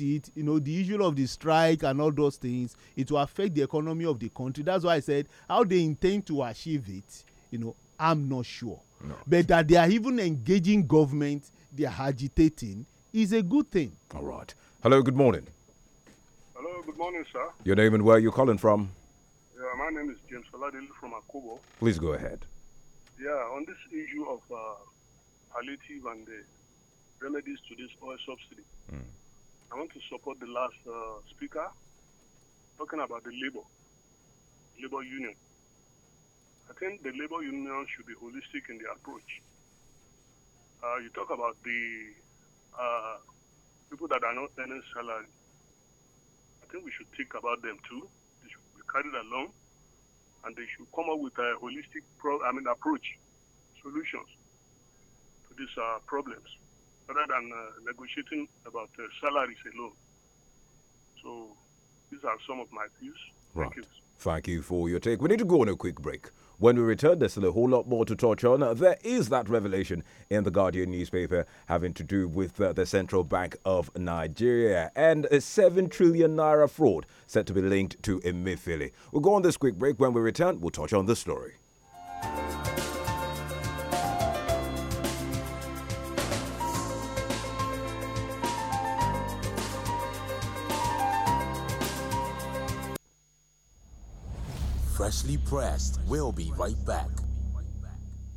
it you know the issue of the strike and all those things it will affect the economy of the country that's why i said how they intend to achieve it you know i'm not sure no. but that they are even engaging government they are agitating is a good thing all right hello good morning hello good morning sir your name and where you're calling from yeah my name is james Faladil from akobo please go ahead yeah on this issue of uh, palliative and the remedies to this oil subsidy mm. I want to support the last uh, speaker talking about the labor, labor union. I think the labor union should be holistic in the approach. Uh, you talk about the uh, people that are not earning salary. I think we should think about them too. They should be carried along, and they should come up with a holistic, pro- I mean, approach, solutions to these uh, problems rather than uh, negotiating about uh, salaries alone. So these are some of my views. Right. Thank you. Thank you for your take. We need to go on a quick break. When we return, there's still a whole lot more to touch on. There is that revelation in the Guardian newspaper having to do with uh, the Central Bank of Nigeria and a 7 trillion naira fraud set to be linked to Emifili. We'll go on this quick break. When we return, we'll touch on this story. freshly pressed. We'll be right back.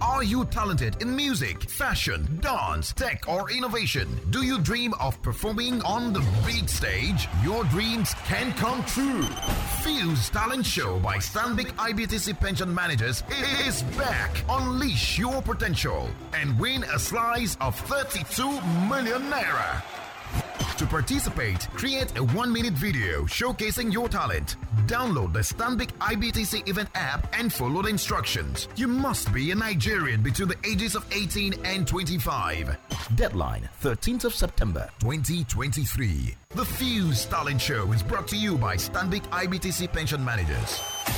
Are you talented in music, fashion, dance, tech, or innovation? Do you dream of performing on the big stage? Your dreams can come true. Fuse Talent Show by Stanbic IBTC Pension Managers is back. Unleash your potential and win a slice of 32 million naira. To participate, create a one minute video showcasing your talent. Download the Stanbic IBTC event app and follow the instructions. You must be a Nigerian between the ages of 18 and 25. Deadline 13th of September 2023. The Fuse Talent Show is brought to you by Stanbic IBTC Pension Managers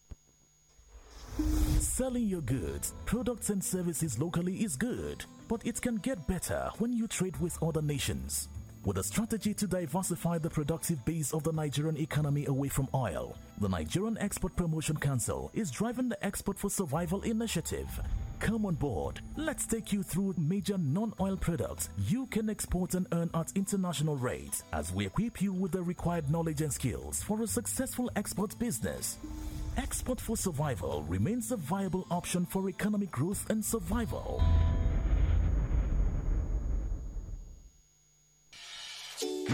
Selling your goods, products, and services locally is good, but it can get better when you trade with other nations. With a strategy to diversify the productive base of the Nigerian economy away from oil, the Nigerian Export Promotion Council is driving the Export for Survival initiative. Come on board. Let's take you through major non oil products you can export and earn at international rates as we equip you with the required knowledge and skills for a successful export business. Export for Survival remains a viable option for economic growth and survival.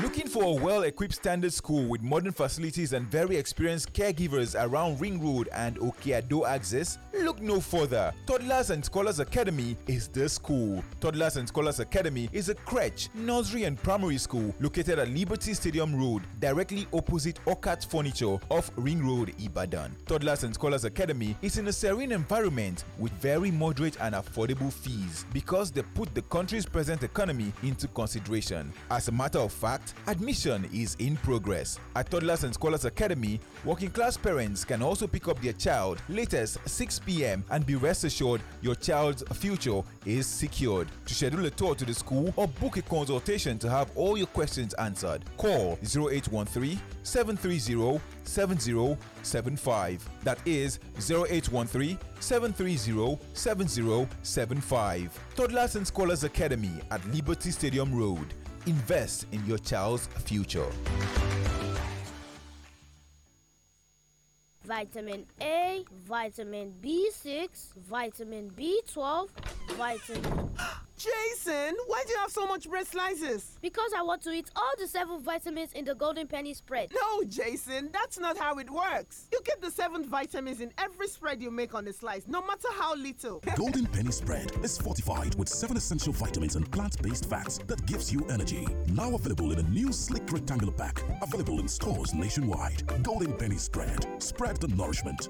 Looking for a well equipped standard school with modern facilities and very experienced caregivers around Ring Road and Okeado access? Look no further. Toddlers and Scholars Academy is the school. Toddlers and Scholars Academy is a crèche, nursery, and primary school located at Liberty Stadium Road, directly opposite Okat Furniture off Ring Road, Ibadan. Toddlers and Scholars Academy is in a serene environment with very moderate and affordable fees because they put the country's present economy into consideration. As a matter of fact, admission is in progress. At Toddlers and Scholars Academy, working class parents can also pick up their child latest 6 p.m. and be rest assured your child's future is secured. To schedule a tour to the school or book a consultation to have all your questions answered, call 0813 730 7075. That is 0813 730 7075. Toddlers and Scholars Academy at Liberty Stadium Road. Invest in your child's future. vitamin A, vitamin B6, vitamin B12, vitamin. Jason, why do you have so much bread slices? Because I want to eat all the seven vitamins in the golden penny spread. No, Jason, that's not how it works. You get the seven vitamins in every spread you make on a slice, no matter how little. golden penny spread is fortified with seven essential vitamins and plant-based fats that gives you energy. Now available in a new slick rectangular pack, available in stores nationwide. Golden penny spread. Spread impact and nourishment.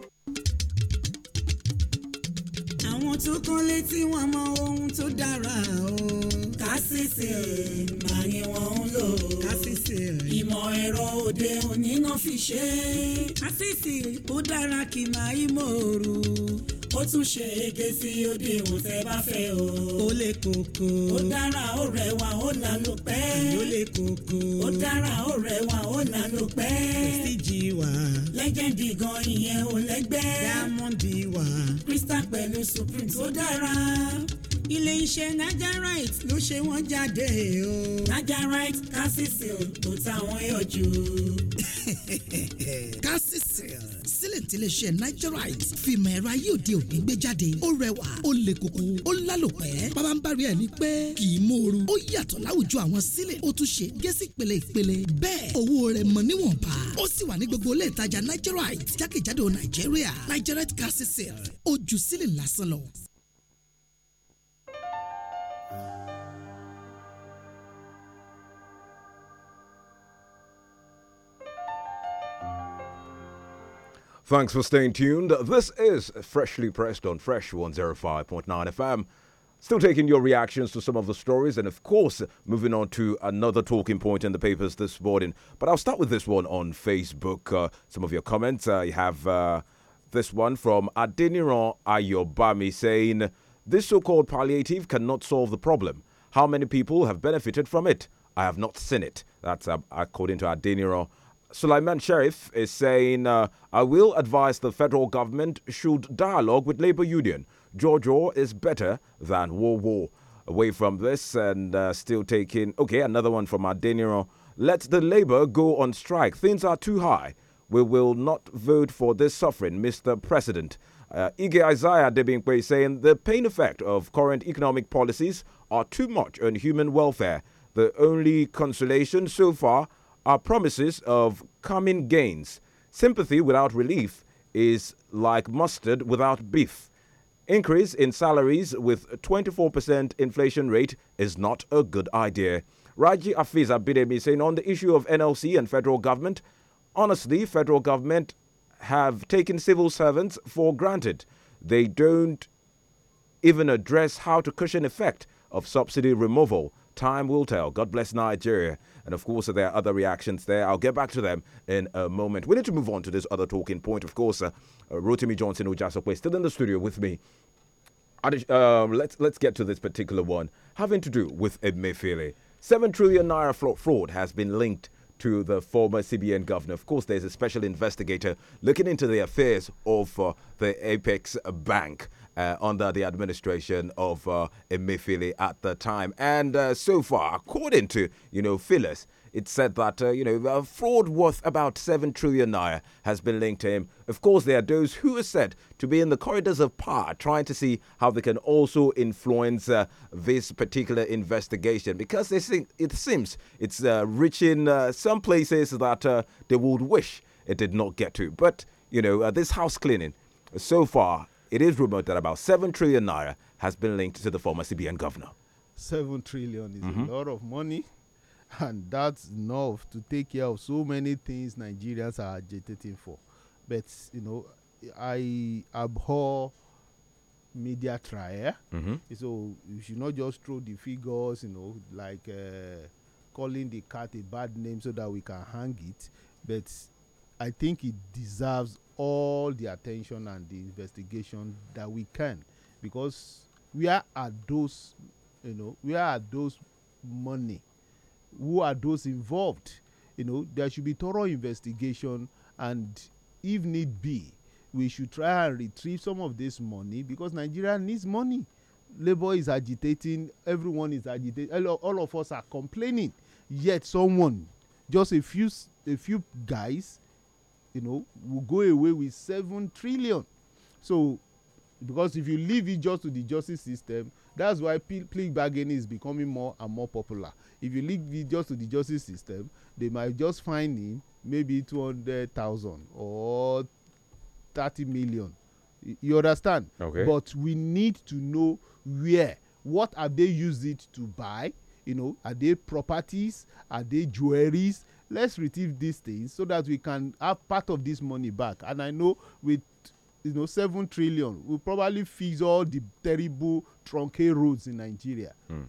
àwọn tó kán létí wọn mọ ohun tó dára o. kásìsì máa ní wọn ń lò. kásìsì ìmọ̀ ẹ̀rọ òde òní náà fi ṣe kásìsì ó dára kì máa í mòoru ó tún ṣe ege sí odi ìwò tẹ́ bá fẹ́ o. ó le koko. ó dára ó rẹwà ó lanu pẹ́. ó le koko. ó dára ó rẹwà ó lanu pẹ́. prestige wà. lẹ́gẹ̀dì gan ìyẹn ò lẹ́gbẹ́. diamond wà. crystal pẹ̀lú supreme tó dára ilé iṣẹ́ Nigerite ló ṣe wọ́n jáde o. Nigerite calcium tó táwọn yọjú. calcium sílẹ̀ tílé iṣẹ́ nigerite fìmọ̀ ẹ̀rọ ayé òde òní gbé jáde ó rẹwà ó le koko ó lálòpẹ́ bàbá ń bari ẹ̀ ní pẹ́ kì í mòoru ó yàtọ̀ láwùjọ àwọn sílẹ̀ ó tún ṣe gẹ́sì pèlè ìpèlè bẹ́ẹ̀ owó rẹ̀ mọ̀ níwọ̀nba ó sì wà ní gbogbo ilé ìtajà nigerite jákèjádò nàìjíríà nigerite gas sale ó ju sílẹ̀ lásán lọ Thanks for staying tuned. This is Freshly Pressed on Fresh 105.9 FM. Still taking your reactions to some of the stories, and of course, moving on to another talking point in the papers this morning. But I'll start with this one on Facebook. Uh, some of your comments. uh, you have uh, this one from Adeniran Ayobami saying, This so called palliative cannot solve the problem. How many people have benefited from it? I have not seen it. That's uh, according to Adeniran Sulaiman Sharif is saying, uh, I will advise the federal government should dialogue with labor union. Jojo is better than war war. Away from this and uh, still taking, okay, another one from Adeniro. Let the labor go on strike. Things are too high. We will not vote for this suffering, Mr. President. Uh, Ige Isaiah Debinkwe saying, the pain effect of current economic policies are too much on human welfare. The only consolation so far are promises of coming gains. Sympathy without relief is like mustard without beef. Increase in salaries with 24% inflation rate is not a good idea. Raji Afiz Bidemi saying on the issue of NLC and federal government, honestly, federal government have taken civil servants for granted. They don't even address how to cushion effect of subsidy removal. Time will tell. God bless Nigeria. And of course, there are other reactions there. I'll get back to them in a moment. We need to move on to this other talking point. Of course, uh, Rotimi Johnson Ojasokwe is still in the studio with me. Uh, let's let's get to this particular one having to do with Emefiele. Seven trillion naira fraud has been linked to the former CBN governor. Of course, there's a special investigator looking into the affairs of uh, the Apex Bank uh, under the administration of uh, Emifili at the time. And uh, so far, according to you know Phyllis, it said that uh, you know fraud worth about seven trillion naira has been linked to him. Of course, there are those who are said to be in the corridors of power, trying to see how they can also influence uh, this particular investigation because they think it seems it's uh, reaching uh, some places that they would wish it did not get to. But you know, this house cleaning so far it is rumored that about 7 trillion naira has been linked to the former CBN governor. 7 trillion is mm -hmm. a mm-hmm. lot of money, and that's enough to take care of so many things Nigerians are agitating for. But, you know, I abhor media trial. Mm -hmm. So you should not just throw the figures, you know, like uh, calling the cat a bad name so that we can hang it. But I think it deserves all the attention and the investigation that we can because where are those you know where are those money who are those involved you know there should be thorough investigation and if need be we should try and retrieve some of this money because nigeria needs money labour is agitating everyone is agitating all of us are complaining yet someone just a few a few guys you know will go away with seven trillion so because if you leave it just to the justice system that's why plea bargaining is becoming more and more popular if you leave it just to the justice system they might just fine him maybe two hundred thousand or thirty million you understand. okay but we need to know where what are they use it to buy you know are they properties are they jewelries let's retrieve these things so that we can have part of this money back and i know with you know seven trillion we'll probably fix all the terrible truncated roads in nigeria mm.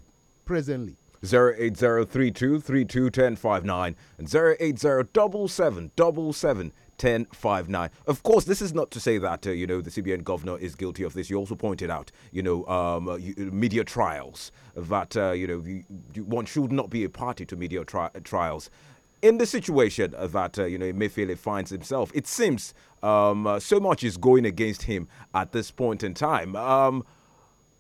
presently 08032 32 1059 and 08077 1059. Of course, this is not to say that, uh, you know, the CBN governor is guilty of this. You also pointed out, you know, um, uh, uh, media trials, that, uh, you know, you, you, one should not be a party to media tri trials in the situation that uh, you know Emefiele finds himself, it seems um, uh, so much is going against him at this point in time. Um,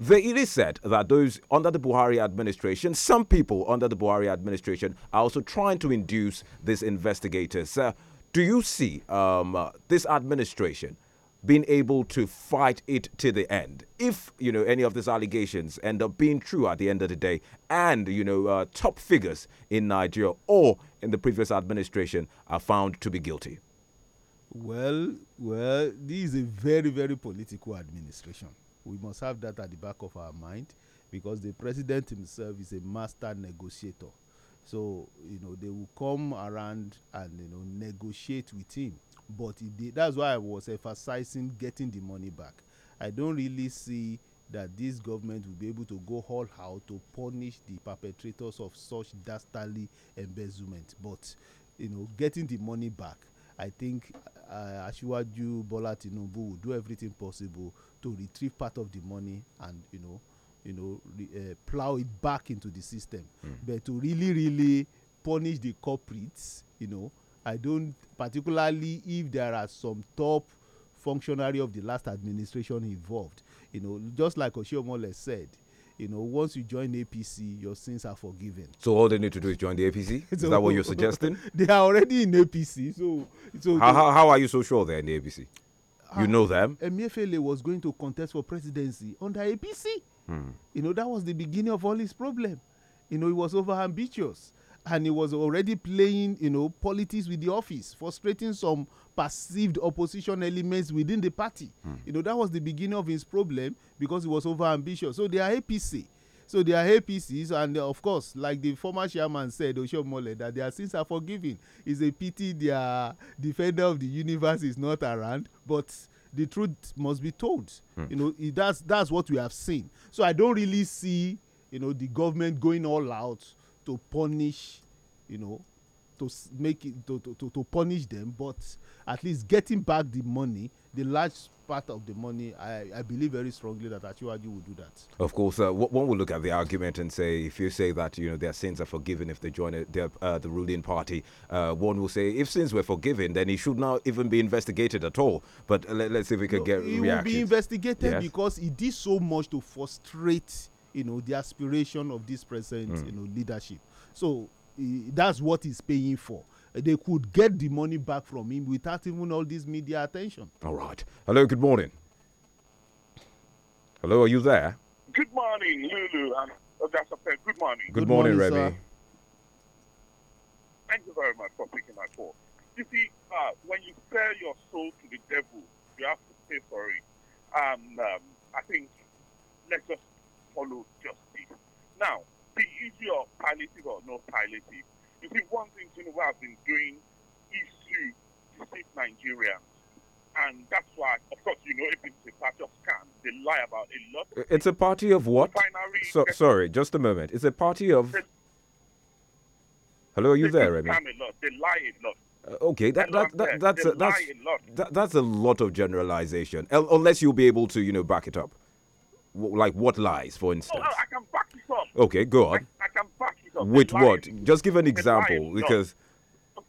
the, it is said that those under the Buhari administration, some people under the Buhari administration, are also trying to induce these investigators. Uh, do you see um, uh, this administration being able to fight it to the end. If you know any of these allegations end up being true at the end of the day, and you know uh, top figures in Nigeria or in the previous administration are found to be guilty. Well, well, this is a very, very political administration. We must have that at the back of our mind because the president himself is a master negotiator. So, you know, they will come around and, you know, negotiate with him but they, that's why I was emphasizing getting the money back. I don't really see that this government will be able to go all out to punish the perpetrators of such dastardly embezzlement. But you know, getting the money back, I think uh, Asiwaju Bola Tinubu will do everything possible to retrieve part of the money and you know, you know, re, uh, plow it back into the system. Mm. But to really, really punish the culprits, you know, I don't particularly if there are some top functionary of the last administration involved. You know, just like Oshiomole said, you know, once you join APC, your sins are forgiven. So all they need to do is join the APC. Is that what you're suggesting? they are already in APC. So, so how, how, how are you so sure they're in the APC? You ah, know them. Emefiele was going to contest for presidency under APC. Hmm. You know that was the beginning of all his problem. You know he was over ambitious. and he was already playing you know politics with the office frustrating some perceived opposition elements within the party mm. you know that was the beginning of his problem because he was over ambitious so they are apc so they are apcs and uh, of course like the former chairman said osomole that their sins are forgiven it's a pity their defender of the universe is not around but the truth must be told mm. you know that's that's what we have seen so i don't really see you know the government going all out to punish you know to make it to, to, to, punish them but at least getting back the money the large part of the money i, I believe very strongly that Achiwaju will do that of course uh, one will look at the argument and say if you say that you know their sins are forgiven if they join a, their, uh, the ruling party uh, one will say if sins were forgiven then he should not even be investigated at all but let, us see if we can no, get he reactions. will be investigated yes. because he did so much to frustrate you know the aspiration of this present mm. you know leadership so that's what he's paying for uh, they could get the money back from him without even all this media attention all right hello good morning hello are you there good morning lulu and that's a good morning good, good morning, morning Remy. thank you very much for picking my call you see uh, when you sell your soul to the devil you have to pay for it and um, i think let's just follow justice. Now, the issue of palliative or no palliative. You see, one thing know I've been doing is to deceive Nigerians. And that's why, of course, you know, if it's a party of scam, they lie about a lot. It's a party of what? Binary so, sorry, just a moment. It's a party of. Hello, are you there, Remy? They lie a lot. Uh, okay, that, that, that, that's, a, that's, a that, that's a lot of generalization, unless you'll be able to, you know, back it up. Like what lies, for oh, instance? Oh, I can back this up. Okay, go on. I, I can back it up. With lying, what? Just give an example, because. Oh,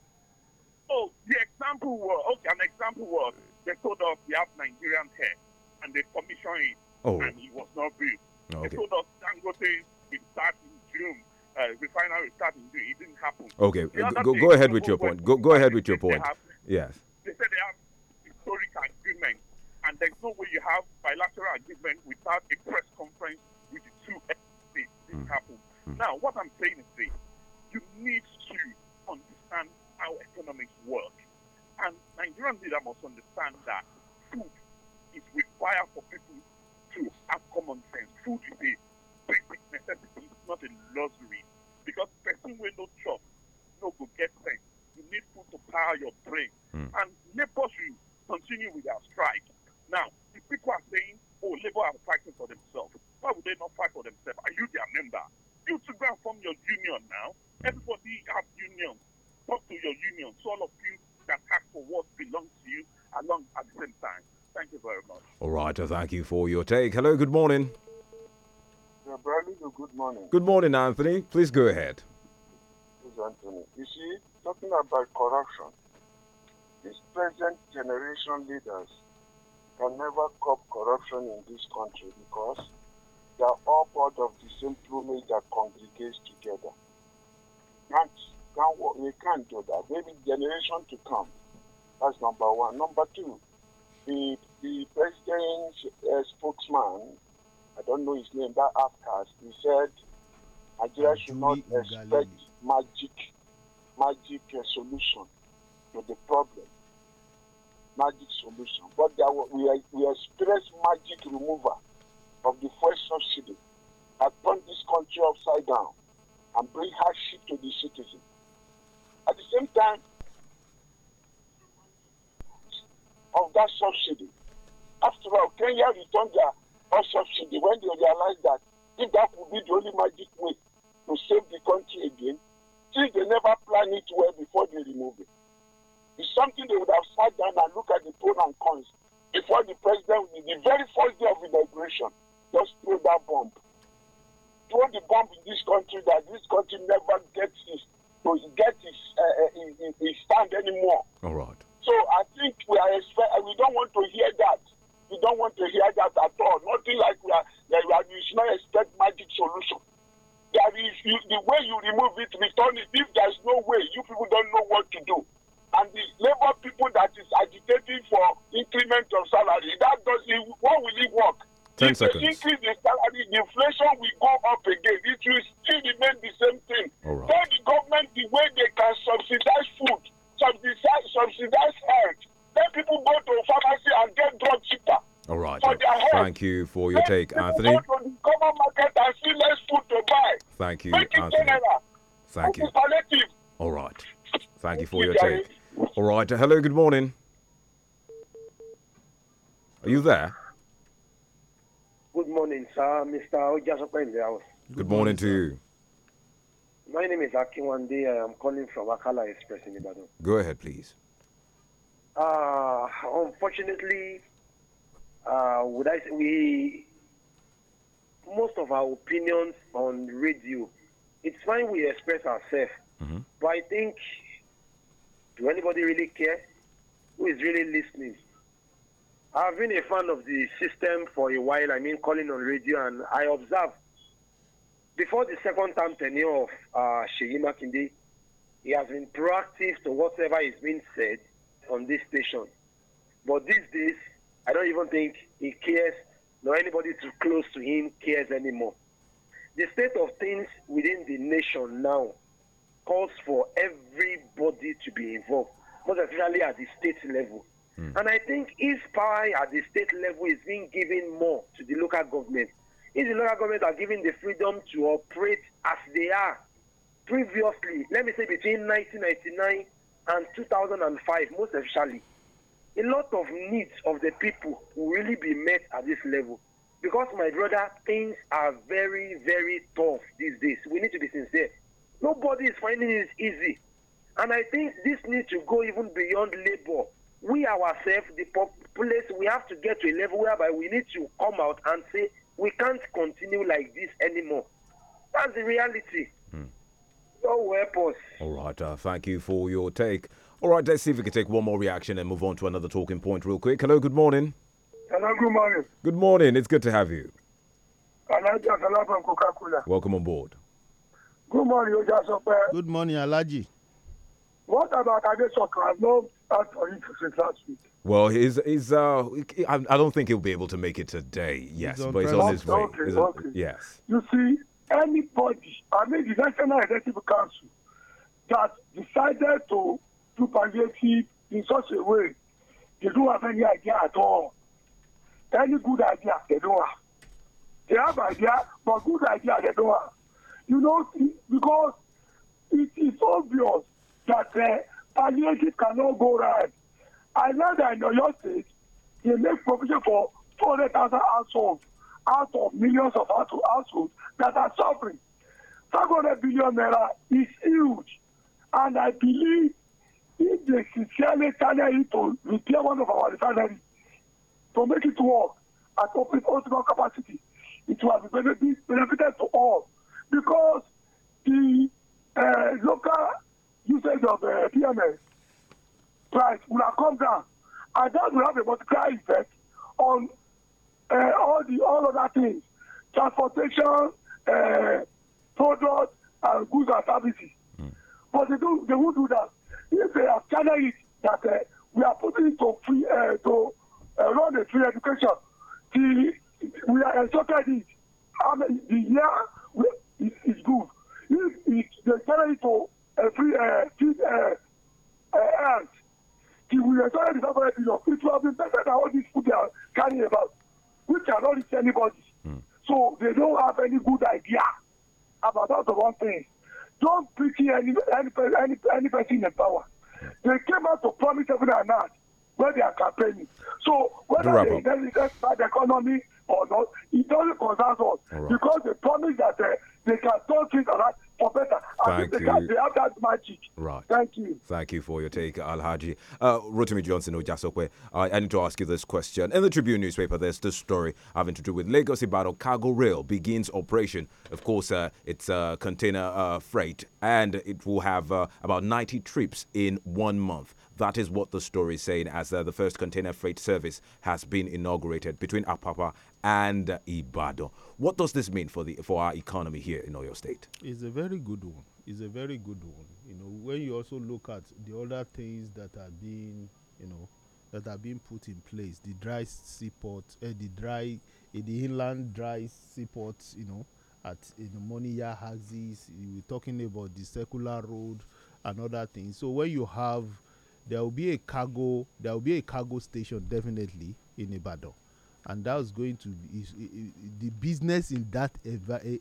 oh, the example was okay. An example was they told us we have Nigerian hair, and they commissioned it, oh. and it was not built. Okay. They told us Dangote will start in June. Uh, refinery start in June. It didn't happen. Okay, go, go ahead with your point. Go go ahead with your point. Have, yes. They said they have historic agreement and there's no way you have bilateral agreement without a press conference with the two states. This mm. happened. Hmm. Now, what I'm saying is this you need to understand how economics work. And Nigerian leaders must understand that food is required for people to have common sense. Food is a basic necessity, it's not a luxury. Because person will no job, no go get sense. You need food to power your brain. Mm. And neighbors should continue with their strike. Now, if people are saying, oh, Labour are fighting for themselves, why would they not fight for themselves? Are you their member? You should go and form your union now. Everybody have unions. Talk to your union. So all of you can ask for what belongs to you along at the same time. Thank you very much. All right. Well, thank you for your take. Hello. Good morning. good morning. Good morning, Anthony. Please go ahead. Anthony. You see, talking about corruption, these present generation leaders can never curb corruption in this country because they are all part of the same plumage that congregates together. Can't, can't, we can't do that. Maybe generation to come. That's number one. Number two, the, the president's uh, spokesman, I don't know his name, that outcast, he said Nigeria should not expect magic, magic uh, solution to the problem magic solution, but there were, we, we experienced magic removal of the first subsidy that turned this country upside down and bring hardship to the citizen. At the same time of that subsidy, after all, Kenya returned their oil subsidy when they realized that if that would be the only magic way to save the country again, since they never planned it well before they remove it. It's something they would have sat down and looked at the pros and cons before the president, the very first day of inauguration, just threw that bomb. Throw the bomb in this country that this country never gets its, to get its, uh, uh stand anymore. All right. So I think we are expect, we don't want to hear that. We don't want to hear that at all. Nothing like we are, that we, are, we should not expect magic solution. That is, you, the way you remove it, return it. If there's no way, you people don't know what to do and the labor people that is agitating for increment of salary. That does it, what will it work? Ten if seconds. increase the salary, the inflation will go up again. It will still remain the same thing. All right. Tell the government the way they can subsidize food, subsidize, subsidize health. Then people go to pharmacy and get drug cheaper. All right. Thank you for your take, Anthony. Thank you, Anthony. Thank you. All right. Thank you for your take. All right. Hello, good morning. Are you there? Good morning, sir. Mr. Ojasoko in the house. Good, good morning, morning to you. My name is Akinwande. I am calling from Akala Express in Ibadan. Go ahead, please. Uh, unfortunately, uh, would I say we most of our opinions on radio, it's fine we express ourselves, mm -hmm. but I think do anybody really care? Who is really listening? I've been a fan of the system for a while, I mean, calling on radio, and I observed before the second term tenure of uh, Sheyi Makinde, he has been proactive to whatever is being said on this station. But these days, I don't even think he cares, nor anybody too close to him cares anymore. The state of things within the nation now calls for everybody to be involved, most especially at the state level. Mm. And I think if power at the state level is being given more to the local government, if the local government are given the freedom to operate as they are previously, let me say between 1999 and 2005, most especially, a lot of needs of the people will really be met at this level. Because, my brother, things are very, very tough these days. We need to be sincere. Nobody is finding it easy. And I think this needs to go even beyond labor. We ourselves, the populace, we have to get to a level whereby we need to come out and say, we can't continue like this anymore. That's the reality. No hmm. weapons. help us. All right. Uh, thank you for your take. All right, let's see if we can take one more reaction and move on to another talking point real quick. Hello, good morning. Hello, good morning. Good morning. It's good to have you. from Welcome on board. Good morning, Oja Sope. Good morning, Alaji. What about Adesokan? No answer interested last week. Well, he's, he's, uh, I, don't think he'll be able to make it today, yes, but he's on his way. Okay, okay. A, yes. You see, anybody, I mean, the National Executive Council that decided to do palliative in such a way, they don't have any idea at all. Any good idea, they don't have. They have idea, but good idea, they don't have you know, because it is obvious that uh, palliative cannot go right. I know that in your state, they make provision for 400,000 households out of millions of households that are suffering. 500 billion naira is huge. And I believe if they sincerely carry it to repair one of our refineries to make it work at optimal capacity, it will have benefited to all because the uh, local usage of uh, PMS price will have come down, and that will have a multiplier effect on uh, all the all other things, transportation, uh, products, and goods and services. Mm. But they do they won't do that if they have channeled it that uh, we are putting to free uh, to uh, run a free education. The, we are instructed it. I mean, the year is, is good. If, they carry it to a free uh, free, uh, uh, ant, it the separate It will have been better than all these food they are carrying about. We cannot reach anybody. Mm. So they don't have any good idea about the wrong things. Don't pity any any any, any person in power. They came out to promise everything and not when they are campaigning. So whether they inherit that bad economy or not, it doesn't concern us right. because they promise that uh, they can turn things around for better. Thank you. They, can, they have that magic. Right. Thank you. Thank you for your take, Alhaji. Uh, Rotimi Johnson Ojasokwe, I need to ask you this question. In the Tribune newspaper, there's this story having to do with Lagos Ibadan Cargo Rail begins operation. Of course, uh, it's uh, container freight, and it will have uh, about 90 trips in one month. That is what the story is saying as uh, the first container freight service has been inaugurated between Apapa and Ibadan. What does this mean for the for our economy here in Oyo State? It's a very good one. It's a very good one. You know, when you also look at the other things that are being, you know, that are being put in place, the dry seaport, uh, the dry, uh, the inland dry seaport, you know, at in you we're talking about the circular road and other things. So when you have, there will be a cargo, there will be a cargo station definitely in Ibadan and that's going to is, the business in that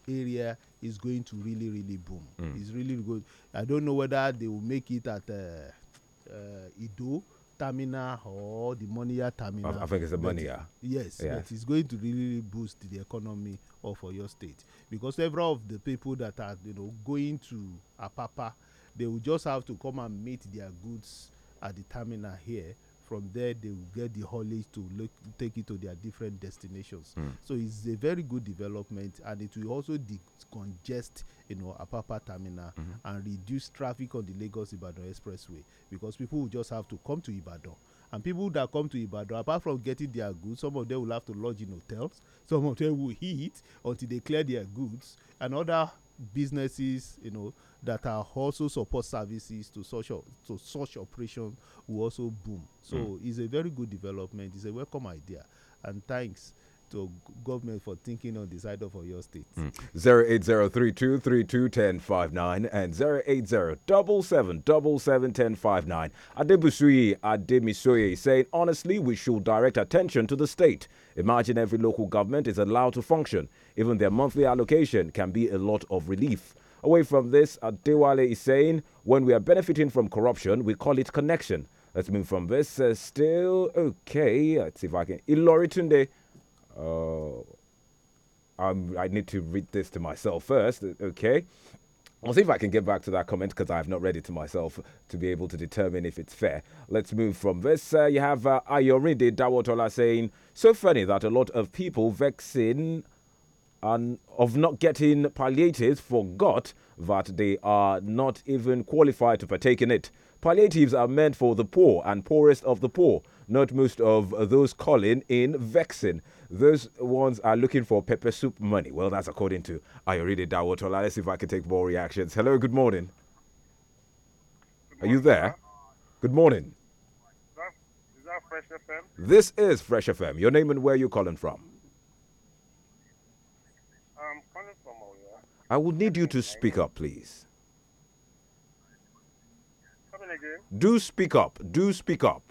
area is going to really really boom. Mm. It's really good. I don't know whether they will make it at uh, uh, Ido terminal or the Monia terminal. I, think it's the Monia. Yes, yeah. it's going to really boost the economy of your state because several of the people that are you know going to Apapa, they will just have to come and meet their goods at the terminal here From there, they will get the haulage to look, take it to their different destinations. Mm. So it's a very good development, and it will also decongest, you know, Apapa terminal mm -hmm. and reduce traffic on the Lagos Ibadan Expressway because people will just have to come to Ibadan and people that come to Ibadan apart from getting their goods some of them will have to lodge in hotels some of them will eat until they clear their goods and other businesses you know that are also support services to such a, to such operation, will also boom so mm. it's a very good development it's a welcome idea and thanks to government for thinking on the side of your state. Mm. three two ten five nine and 08077771059. Adebusuyi Ademisoye saying, honestly, we should direct attention to the state. Imagine every local government is allowed to function. Even their monthly allocation can be a lot of relief. Away from this, Adewale is saying, when we are benefiting from corruption, we call it connection. Let's move from this. Uh, still, okay, let's see if I can. Ilori Tunde uh, i need to read this to myself first. Okay. I'll see if I can get back to that comment because I've not read it to myself to be able to determine if it's fair. Let's move from this. Uh, you have uh, Ayorinde Dawotola saying, So funny that a lot of people vexing and of not getting palliatives forgot that they are not even qualified to partake in it. Palliatives are meant for the poor and poorest of the poor not most of those calling in vexing. Those ones are looking for pepper soup money. Well, that's according to Ayoride Dawotola. Let's see if I can take more reactions. Hello, good morning. are you there? Good morning. Is that Fresh FM? This is Fresh FM. Your name and where you calling from? I'm calling from Oya. I would need you to speak up, please. Do speak up. Do speak up.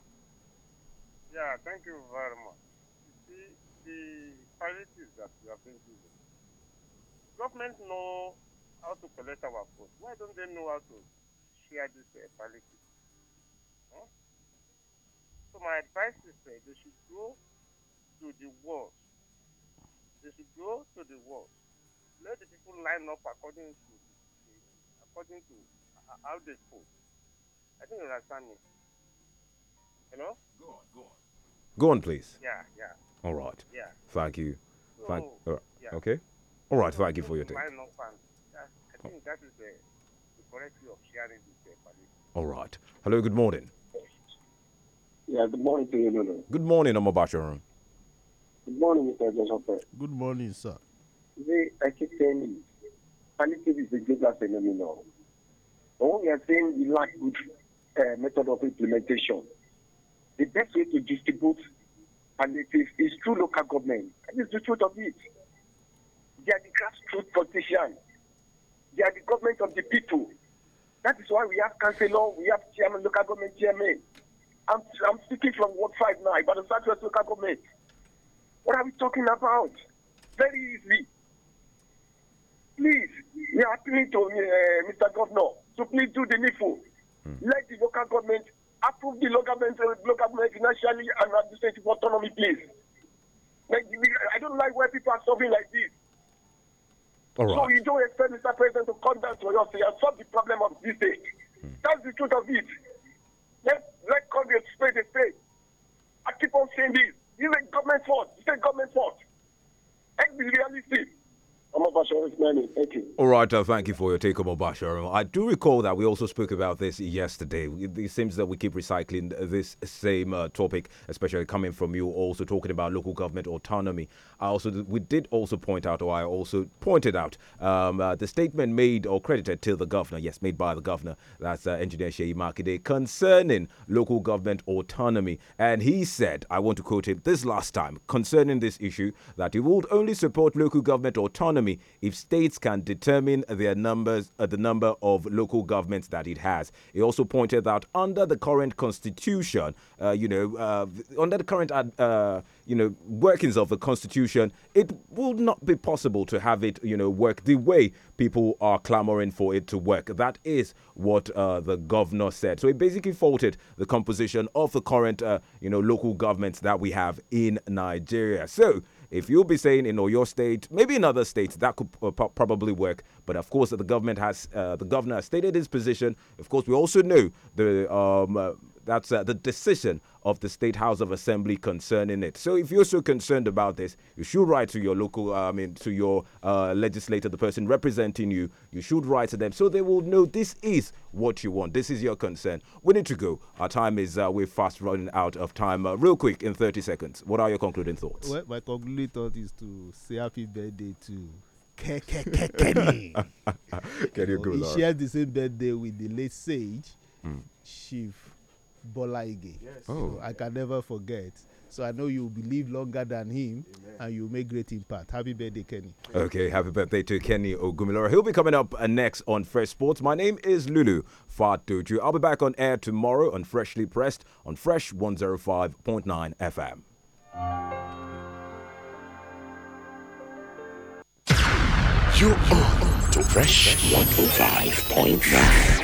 Yeah, thank you very much. The, the priorities that you have been given. Government know how to collect our food. Why don't they know how to share this uh, Huh? So my advice is that they should go to the world. They should go to the world. Let the people line up according to according to how they vote. I think you understand me. Hello? Go on, go on. Go on, please. Yeah, yeah. All right. Yeah. Thank you. So, oh, thank. All right. Yeah. Okay. All right. thank you for your time. I think that is the, the correct way of sharing this All right. Hello. Good morning. Yeah. Good morning to you, Lulu. Good morning, Amabacharan. Good morning, Mr. Joseph. Good morning, sir. See, I keep saying palliative is the greater phenomenon. But what we are saying, we lack good uh, method of implementation the best way to distribute and it is, is through local government. That is the truth of it. They are the grassroots politicians. They are the government of the people. That is why we have councillor, we have chairman, local government chairman. I'm, I'm speaking from Ward 5 now, But the Southwest local government. What are we talking about? Very easy. Please, we are appealing to uh, Mr. Governor to please do the needful. Mm. Let the local government approve the local government, uh, local government financially and administrative autonomy, please. Like, I don't like where people are solving like this. So you don't expect Mr. President to come down to us and solve the problem of this day. Hmm. That's the truth of it. Let let call the spade I keep on saying this. This is a government fault. is a government fault. Let's be realistic. All right, uh, thank you for your take on Mobashir. I do recall that we also spoke about this yesterday. It seems that we keep recycling this same uh, topic, especially coming from you, also talking about local government autonomy. I also we did also point out, or I also pointed out, um, uh, the statement made or credited to the governor, yes, made by the governor, that's uh, Engineer Sheyi Makide, concerning local government autonomy, and he said, I want to quote him this last time concerning this issue that he would only support local government autonomy economy if states can determine their numbers, uh, the number of local governments that it has. He also pointed out under the current constitution, uh, you know, uh, under the current, uh, you know, workings of the constitution, it will not be possible to have it, you know, work the way people are clamoring for it to work. That is what uh, the governor said. So he basically faulted the composition of the current, uh, you know, local governments that we have in Nigeria. So if you'll be saying in your state, maybe in other states, that could uh, probably work. But of course, the government has uh, the governor has stated his position. Of course, we also know the um, uh, that's uh, the decision of the State House of Assembly concerning it. So if you're so concerned about this, you should write to your local, uh, I mean, to your uh, legislator, the person representing you. You should write to them so they will know this is what you want. This is your concern. We need to go. Our time is, uh, we're fast running out of time. Uh, real quick, in 30 seconds, what are your concluding thoughts? Well, my concluding thought is to say happy birthday to Kenny. Kenny you He shared the same birthday with the late sage, mm. Chief Bola Ige. Yes. Oh. So I can never forget. So I know you'll live longer than him Amen. and you'll make great impact. Happy birthday, Kenny. Okay, happy birthday to Kenny Ogumiloro. He'll be coming up uh, next on Fresh Sports. My name is Lulu Fatuju. I'll be back on air tomorrow on Freshly Pressed on Fresh 105.9 FM. You're on to Fresh 105.9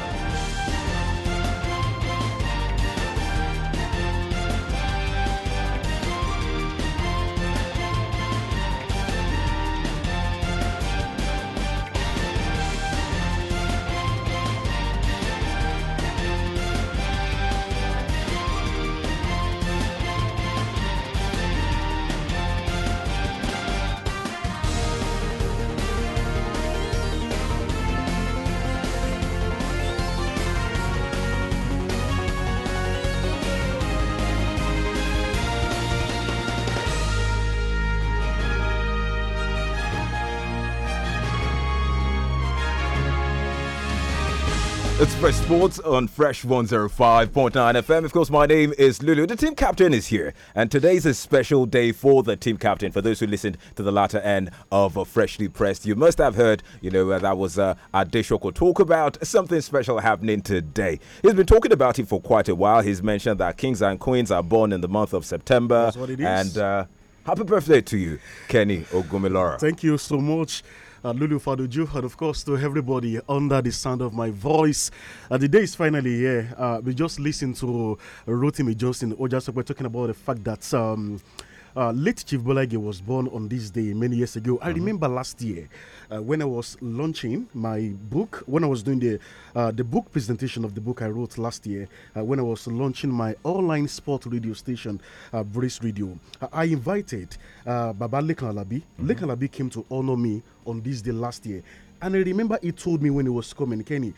It's Fresh Sports on Fresh 105.9 FM. Of course, my name is Lulu. The team captain is here, and today's a special day for the team captain. For those who listened to the latter end of a Freshly Pressed, you must have heard, you know, uh, that was uh, Adeshoko talk about something special happening today. He's been talking about it for quite a while. He's mentioned that kings and queens are born in the month of September. And uh, happy birthday to you, Kenny Ogumilora. Thank you so much uh, Lulu Faduju, and of course to everybody under the sound of my voice. Uh, the day is finally here. Uh, we just listened to Rotimi Justin Ojasope talking about the fact that. Um, uh, late Chief Bolage was born on this day many years ago. I mm -hmm. remember last year uh, when I was launching my book, when I was doing the uh, the book presentation of the book I wrote last year, uh, when I was launching my online sport radio station, uh, Brace Radio, uh, I invited Baba Lekan Alabi. Mm -hmm. Lekan Alabi came to honor me on this day last year. And I remember he told me when he was coming, Kenny,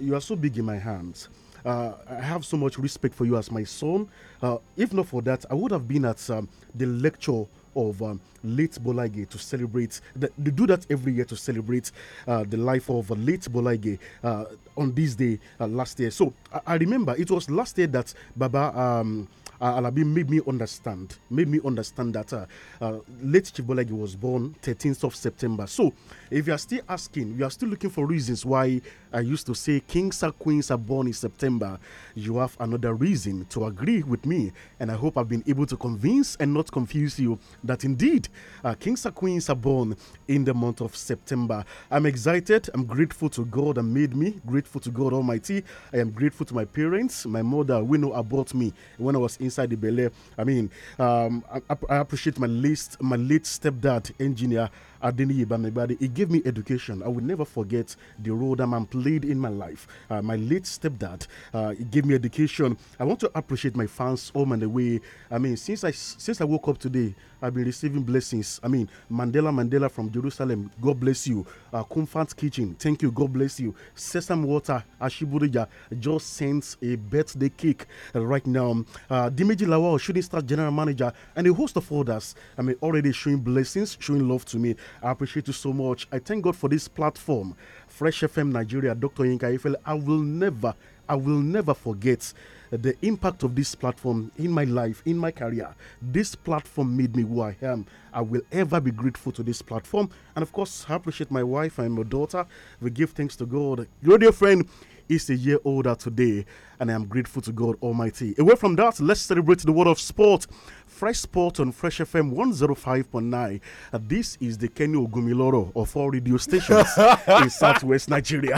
you are so big in my hands. Uh, I have so much respect for you as my son. Uh, if not for that, I would have been at um, the lecture of um, late Bolage to celebrate. they do that every year to celebrate uh, the life of late Bolage uh, on this day uh, last year. So I, I, remember it was last year that Baba. Um, uh, Alabi made me understand, made me understand that uh, uh, late Chibolegi was born 13th of September. So if you are still asking, you are still looking for reasons why I used to say kings and queens are born in September, you have another reason to agree with me. And I hope I've been able to convince and not confuse you that indeed uh, kings and queens are born in the month of September. I'm excited. I'm grateful to God that made me, grateful to God Almighty. I am grateful to my parents, my mother, we know about me when I was in inside the belly. I mean, um, I, I, appreciate my least, my late stepdad engineer Adini Ibamigbadi. He gave me education. I will never forget the role that man played in my life. Uh, my late stepdad, uh, he gave me education. I want to appreciate my fans home and away. I mean, since I since I woke up today, I've been receiving blessings. I mean, Mandela Mandela from Jerusalem, God bless you. Uh, Comfort Kitchen, thank you, God bless you. Sesame Water, Ashiburija just sent a birthday cake right now. Uh, Lawal, shooting star general manager, and a host of others. I mean, already showing blessings, showing love to me. I appreciate you so much. I thank God for this platform, Fresh FM Nigeria, Dr. Yinka Ifel. I will never, I will never forget the impact of this platform in my life, in my career. This platform made me who I am. I will ever be grateful to this platform. And of course, I appreciate my wife and my daughter. We give thanks to God. Your dear friend is a year older today, and I am grateful to God Almighty. Away from that, let's celebrate the world of sport. Fresh Sport on Fresh FM 105.9. Uh, this is the Kenny Ogumiloro of all radio stations in Southwest Nigeria.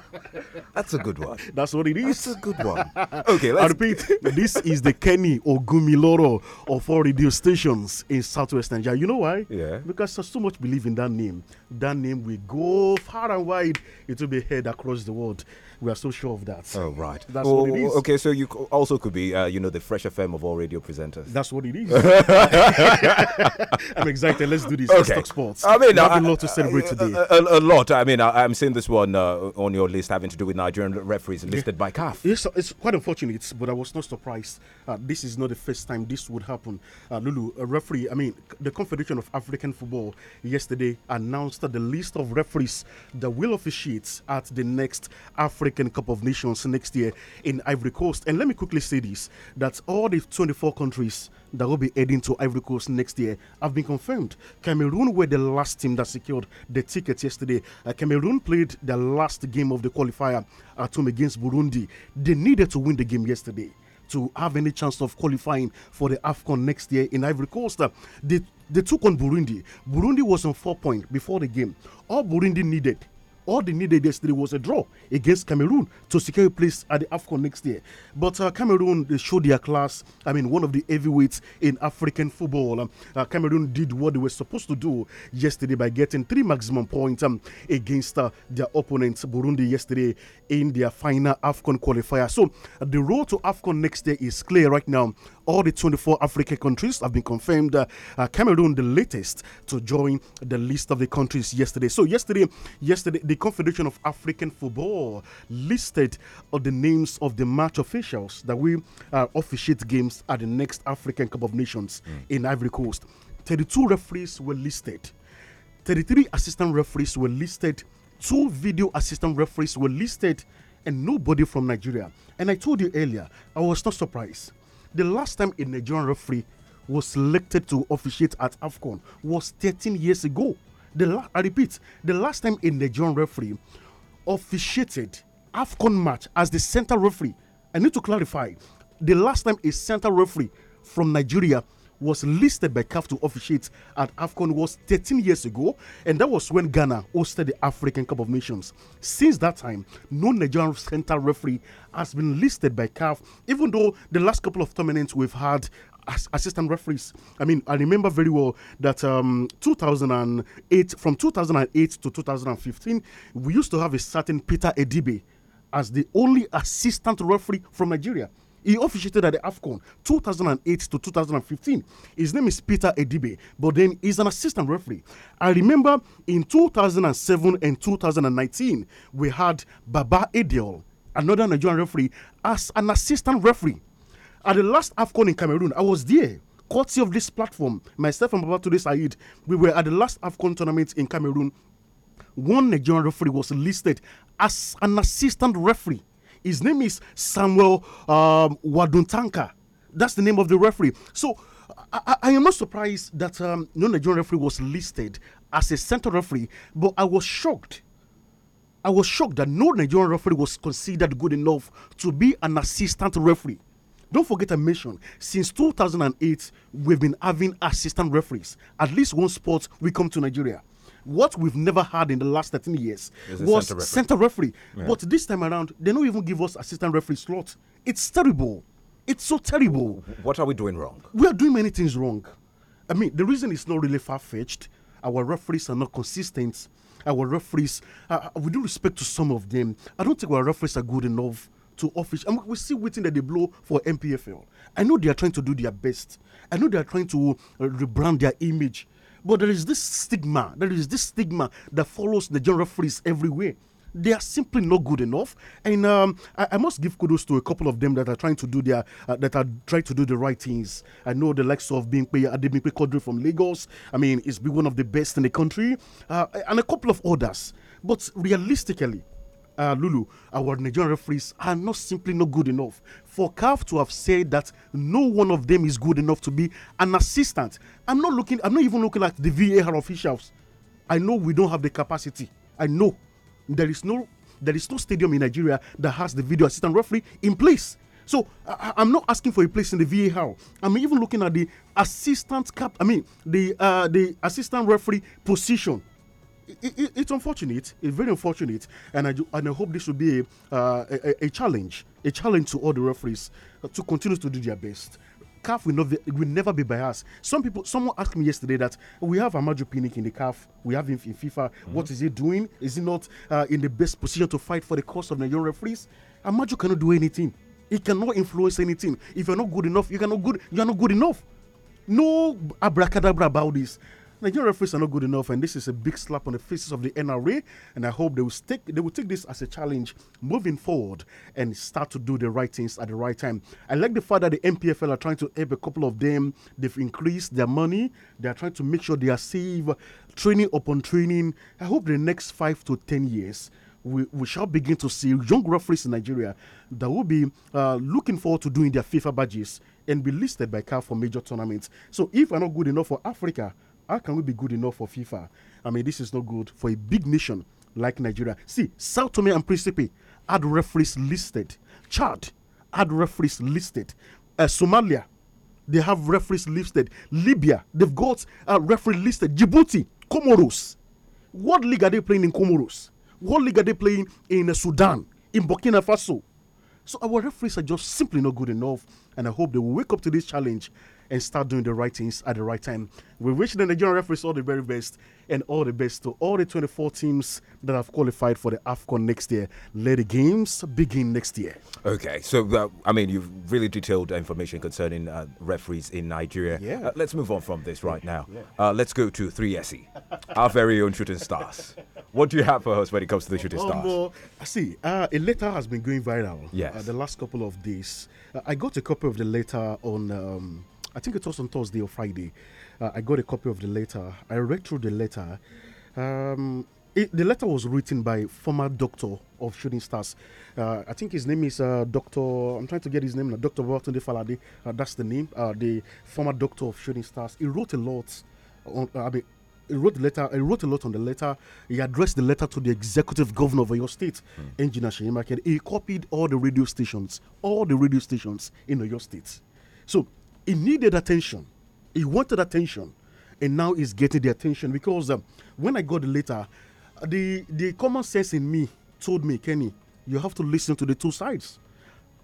That's a good one. That's what it is. That's a good one. Okay, let's I repeat. this is the Kenny Ogumiloro of all radio stations in Southwest Nigeria. You know why? Yeah. Because there's so much belief in that name. That name will go far and wide. It will be heard across the world we are so sure of that. Oh, right. That's well, oh, what it is. Okay, so you also could be, uh, you know, the Fresh FM of all radio presenters. That's what it is. I'm excited. Let's do this. Okay. Let's talk sports. I mean, we have lot to celebrate today. A, a, lot. I mean, I, am seeing this one uh, on your list having to do with Nigerian referees listed yeah. by CAF. It's, it's, quite unfortunate, but I was not surprised. Uh, this is not the first time this would happen. Uh, Lulu, a referee, I mean, the Confederation of African Football yesterday announced the list of referees that will officiate at the next African African Cup of Nations next year in Ivory Coast. And let me quickly say this that all the 24 countries that will be heading to Ivory Coast next year have been confirmed. Cameroon were the last team that secured the ticket yesterday. Uh, Cameroon played the last game of the qualifier at home against Burundi. They needed to win the game yesterday to have any chance of qualifying for the AFCON next year in Ivory Coast. Uh, they, they took on Burundi. Burundi was on four points before the game. All Burundi needed all they needed yesterday was a draw against Cameroon to secure a place at the AFCON next year. But uh, Cameroon they showed their class. I mean, one of the heavyweights in African football. Um, uh, Cameroon did what they were supposed to do yesterday by getting three maximum points um, against uh, their opponent Burundi yesterday in their final AFCON qualifier. So the road to AFCON next year is clear right now all the 24 African countries have been confirmed. Uh, uh, Cameroon, the latest to join the list of the countries yesterday. So yesterday, yesterday, the Confederation of African Football listed uh, the names of the match officials that will uh, officiate games at the next African Cup of Nations mm. in Ivory Coast. 32 referees were listed. 33 assistant referees were listed. Two video assistant referees were listed, and nobody from Nigeria. And I told you earlier, I was not surprised the last time a Nigerian referee was selected to officiate at AFCON was 13 years ago. The I repeat, the last time a Nigerian referee officiated AFCON match as the center referee. I need to clarify. The last time a center referee from Nigeria was listed by CAF to officiate at AFCON was 13 years ago, and that was when Ghana hosted the African Cup of Nations. Since that time, no Nigerian central referee has been listed by CAF, even though the last couple of tournaments we've had as assistant referees. I mean, I remember very well that um, 2008, from 2008 to 2015, we used to have a certain Peter Edibe as the only assistant referee from Nigeria. He officiated at the AFCON 2008 to 2015. His name is Peter Edibe, but then he's an assistant referee. I remember in 2007 and 2019, we had Baba Ediol, another Nigerian referee, as an assistant referee. At the last AFCON in Cameroon, I was there courtesy of this platform, myself and Babatunde Said, we were at the last AFCON tournament in Cameroon. One Nigerian referee was listed as an assistant referee his name is Samuel um, Waduntanka. That's the name of the referee. So I, I am not surprised that um, no Nigerian referee was listed as a center referee, but I was shocked. I was shocked that no Nigerian referee was considered good enough to be an assistant referee. Don't forget I mentioned since 2008 we've been having assistant referees. At least one sport we come to Nigeria. What we've never had in the last 13 years was center referee. Center referee. Yeah. But this time around, they don't even give us assistant referee slot. It's terrible. It's so terrible. What are we doing wrong? We are doing many things wrong. I mean, the reason is not really far fetched. Our referees are not consistent. Our referees, uh, uh, with due respect to some of them, I don't think our referees are good enough to office. And we're still waiting that they blow for MPFL. I know they are trying to do their best. I know they are trying to uh, rebrand their image. But there is this stigma, there is this stigma that follows the general freeze everywhere they are simply not good enough. And um, I, I, must give kudos to a couple of them that are trying to do their uh, that are trying to do the right things. I know the likes of Bimpe Adebimpe Kodri from Lagos. I mean, it's been one of the best in the country, uh, and a couple of others. But realistically, uh, Lulu, our Nigerian referees are not simply not good enough. For CAF to have said that no one of them is good enough to be an assistant, I'm not looking. I'm not even looking at the VAR officials. I know we don't have the capacity. I know there is no there is no stadium in Nigeria that has the video assistant referee in place. So I, am not asking for a place in the VAR. I'm even looking at the assistant cap. I mean the uh, the assistant referee position it, it's unfortunate. It's very unfortunate, and I do, and I hope this will be a, uh, a, a, challenge, a challenge to all the referees uh, to continue to do their best. Calf will not be, will never be biased. Some people, someone asked me yesterday that we have Amadou Pinnick in the calf. we have him in FIFA. Mm -hmm. what is he doing? Is he not uh, in the best position to fight for the cause of Nigerian referees? Amadou cannot do anything. He cannot influence anything. If you're not good enough, you cannot good. You are not good enough. No abracadabra about this. Nigerian referees are not good enough, and this is a big slap on the faces of the NRA. And I hope they will stick, they will take this as a challenge moving forward and start to do the right things at the right time. I like the fact that the MPFL are trying to help a couple of them. They've increased their money. They are trying to make sure they are safe, training upon training. I hope the next five to ten years. We, we, shall begin to see young referees in Nigeria that will be uh, looking forward to doing their FIFA badges and be listed by CAF for major tournaments. So if we're not good enough for Africa, how can we be good enough for FIFA? I mean, this is not good for a big nation like Nigeria. See, South Tome and Principe had referees listed. Chad had referees listed. Uh, Somalia, they have referees listed. Libya, they've got a uh, referee listed. Djibouti, Comoros. What league are they playing in Comoros? What league are they playing in uh, Sudan, in Burkina Faso? So our referees are just simply not good enough, and I hope they will wake up to this challenge and start doing the right things at the right time. We wish the Nigerian referees all the very best and all the best to all the 24 teams that have qualified for the AFCON next year. Let the games begin next year. Okay, so uh, I mean, you've really detailed information concerning uh, referees in Nigeria. Yeah. Uh, let's move on from this right now. Yeah. Uh, let's go to 3SE, our very own shooting stars. What do you have for us when it comes to the shooting oh, stars? Um, uh, see, a letter has been going viral yes. Uh, the last couple of days. Uh, I got a copy of the letter on. Um, I think it was on Thursday or Friday. Uh, I got a copy of the letter. I read through the letter. Um, it, the letter was written by former doctor of shooting stars. Uh, I think his name is uh, Doctor. I'm trying to get his name now. Doctor Babatunde Falade. Uh, that's the name. Uh, the former doctor of shooting stars. He wrote a lot. On, uh, I mean, he wrote the letter. He wrote a lot on the letter. He addressed the letter to the executive governor of your state, mm. Engineer Sheyemakin. He copied all the radio stations, all the radio stations in your state. So he needed attention. He wanted attention. And now he's getting the attention because um, when I got the letter, the, the common sense in me told me, Kenny, you have to listen to the two sides.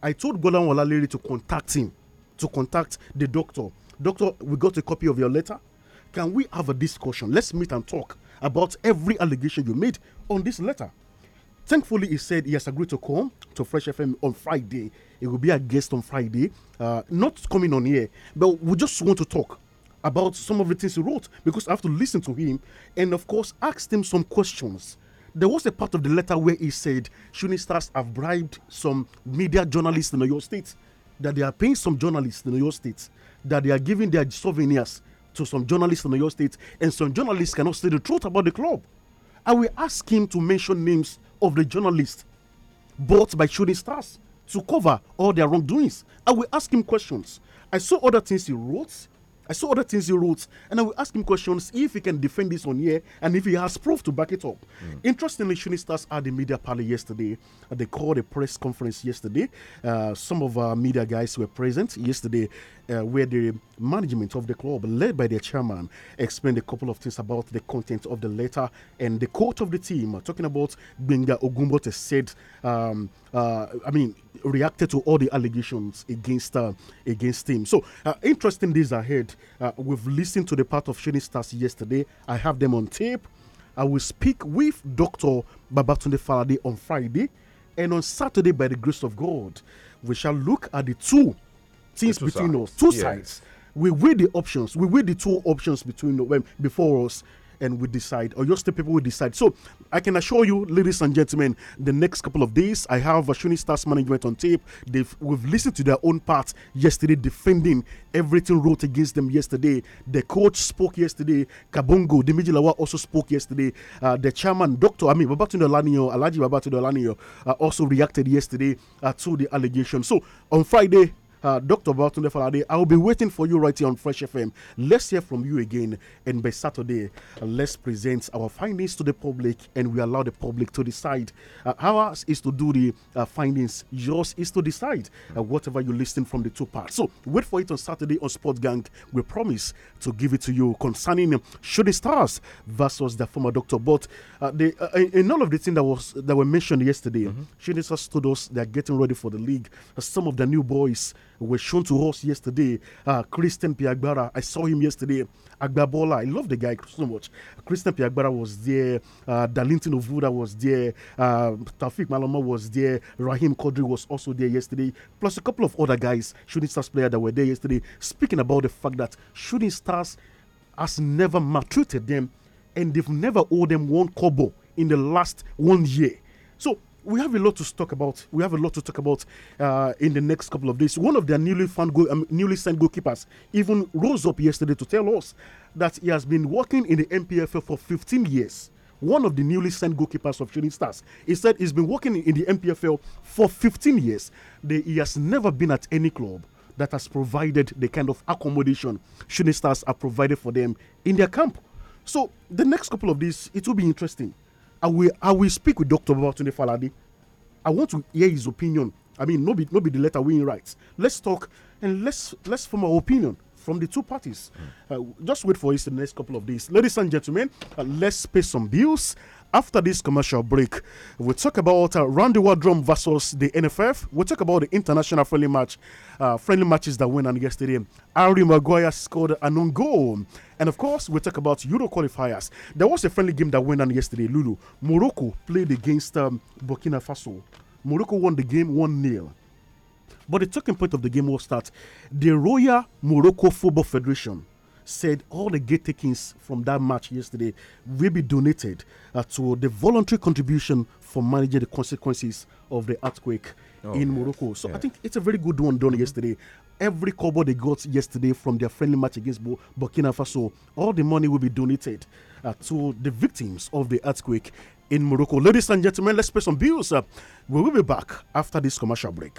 I told Golan Walaleri to contact him, to contact the doctor. Doctor, we got a copy of your letter. Can we have a discussion? Let's meet and talk about every allegation you made on this letter. Thankfully, he said he has agreed to come to Fresh FM on Friday. It will be a guest on Friday. Uh, not coming on here, but we just want to talk about some of the things he wrote because I have to listen to him and, of course, ask him some questions. There was a part of the letter where he said shooting stars have bribed some media journalists in your state, that they are paying some journalists in your state, that they are giving their souvenirs to some journalists in your state, and some journalists cannot say the truth about the club. I will ask him to mention names of the journalists bought by shooting stars to cover all their wrongdoings. I will ask him questions. I saw other things he wrote. I saw other things he wrote, and I will ask him questions if he can defend this on here and if he has proof to back it up. Mm. Interestingly, Shooting Stars had a media panel yesterday. they called a press conference yesterday. Uh, some of our media guys were present yesterday, uh, where the management of the club, led by their chairman, explained a couple of things about the content of the letter. And the coach of the team, uh, talking about Benga Ogumbote, said, um, uh, I mean, reacted to all the allegations against uh, against him. So, uh, interesting days ahead. Uh, we've listened to the part of Shooting Stars yesterday. I have them on tape. I will speak with Dr. Babatunde Faraday on Friday. And on Saturday, by the grace of God, we shall look at the two things between sides. us, two yes. sides. We weigh the options, we weigh the two options between them um, before us, and we decide, or just the people will decide. So I can assure you, ladies and gentlemen, the next couple of days, I have Vashuni Stars management on tape. They've we've listened to their own part yesterday, defending everything wrote against them yesterday. The coach spoke yesterday. Kabongo Demijilawa also spoke yesterday. Uh, the chairman, Doctor I mean Babatunde Olanio, Alaji Babatunde Olanio, uh, also reacted yesterday uh, to the allegation. So on Friday, uh, Dr. Bartunde Falade. I'll be waiting for you right here on Fresh FM. Let's hear from you again. And by Saturday, let's present our findings to the public and we allow the public to decide. Uh, ours is to do the uh, findings, yours is to decide uh, whatever you listen from the two parts. So wait for it on Saturday on Sport Gang. We promise to give it to you concerning shooting stars versus the former Dr. But they, in all of the things that was that were mentioned yesterday, mm -hmm. shooting stars told us they're getting ready for the league. some of the new boys were shown to us yesterday. Uh, Christian Piagbara, I saw him yesterday. Agbabola, I love the guy so much. Christian Piagbara was there. Uh, Ovuda was there. Uh, Tafik Maloma was there. Rahim Kodri was also there yesterday. Plus a couple of other guys, shooting stars player that were there yesterday, speaking about the fact that shooting stars has never maltreated them and they've never owed them one kobo in the last one year. So we have a lot to talk about. We have a lot to talk about uh, in the next couple of days. One of their newly found um, newly signed goalkeepers even rose up yesterday to tell us that he has been working in the MPFL for 15 years. One of the newly signed goalkeepers of Shooting Stars. He said he's been working in the MPFL for 15 years. The, he has never been at any club that has provided the kind of accommodation Shooting Stars are provided for them in their camp. So the next couple of days, it will be interesting I will I will speak with Dr. Babatunde Falade. I want to hear his opinion. I mean, no be no be the letter we write. Let's talk and let's let's form our opinion from the two parties. Mm. Uh, just wait for us in the next couple of days, ladies and gentlemen. Uh, let's pay some bills. After this commercial break, we'll talk about uh, Randy drum versus the NFF. We'll talk about the international friendly match, uh, friendly matches that went on yesterday. Harry Maguire scored an own goal and of course, we talk about Euro qualifiers. There was a friendly game that went on yesterday, Lulu. Morocco played against um, Burkina Faso. Morocco won the game 1 0. But the talking point of the game was that the Royal Morocco Football Federation said all the gate takings from that match yesterday will be donated uh, to the voluntary contribution for managing the consequences of the earthquake oh, in yes. Morocco. So I think it's a very good one done mm -hmm. yesterday every kobo they got yesterday from their friendly match against Burkina Faso, all the money will be donated uh, to the victims of the earthquake in Morocco. Ladies and gentlemen, let's pay some bills. Uh, we will be back after this commercial break.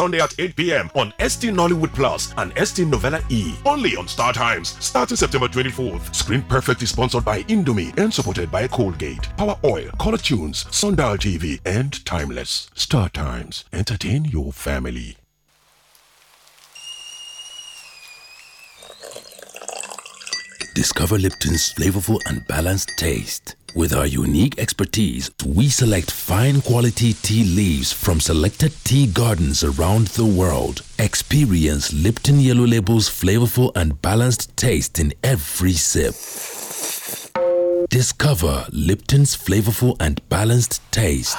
Sunday at 8 p.m. on ST Nollywood Plus and ST Novella E. Only on Star Times, starting September 24th. Screen Perfect is sponsored by Indomie and supported by Colgate, Power Oil, Color Tunes, Sundial TV, and Timeless. Star Times, entertain your family. Discover Lipton's flavorful and balanced taste with our unique expertise, we select fine quality tea leaves from selected tea gardens around the world. Experience Lipton Yellow Label's flavorful and balanced taste in every sip. Discover Lipton's flavorful and balanced taste.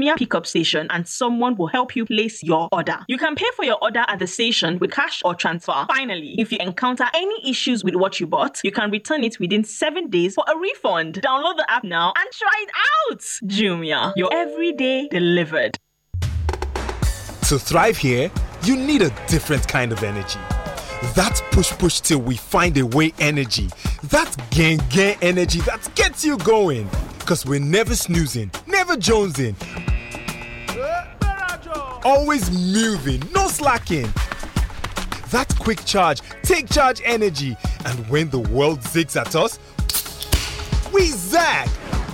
Jumia pickup station and someone will help you place your order. You can pay for your order at the station with cash or transfer. Finally, if you encounter any issues with what you bought, you can return it within 7 days for a refund. Download the app now and try it out. Jumia, your everyday delivered. To thrive here, you need a different kind of energy. That push push till we find a way energy. That gang gang energy that gets you going. Cause we're never snoozing, never jonesing Always moving, no slacking. That quick charge, take charge energy. And when the world zigs at us, we zack.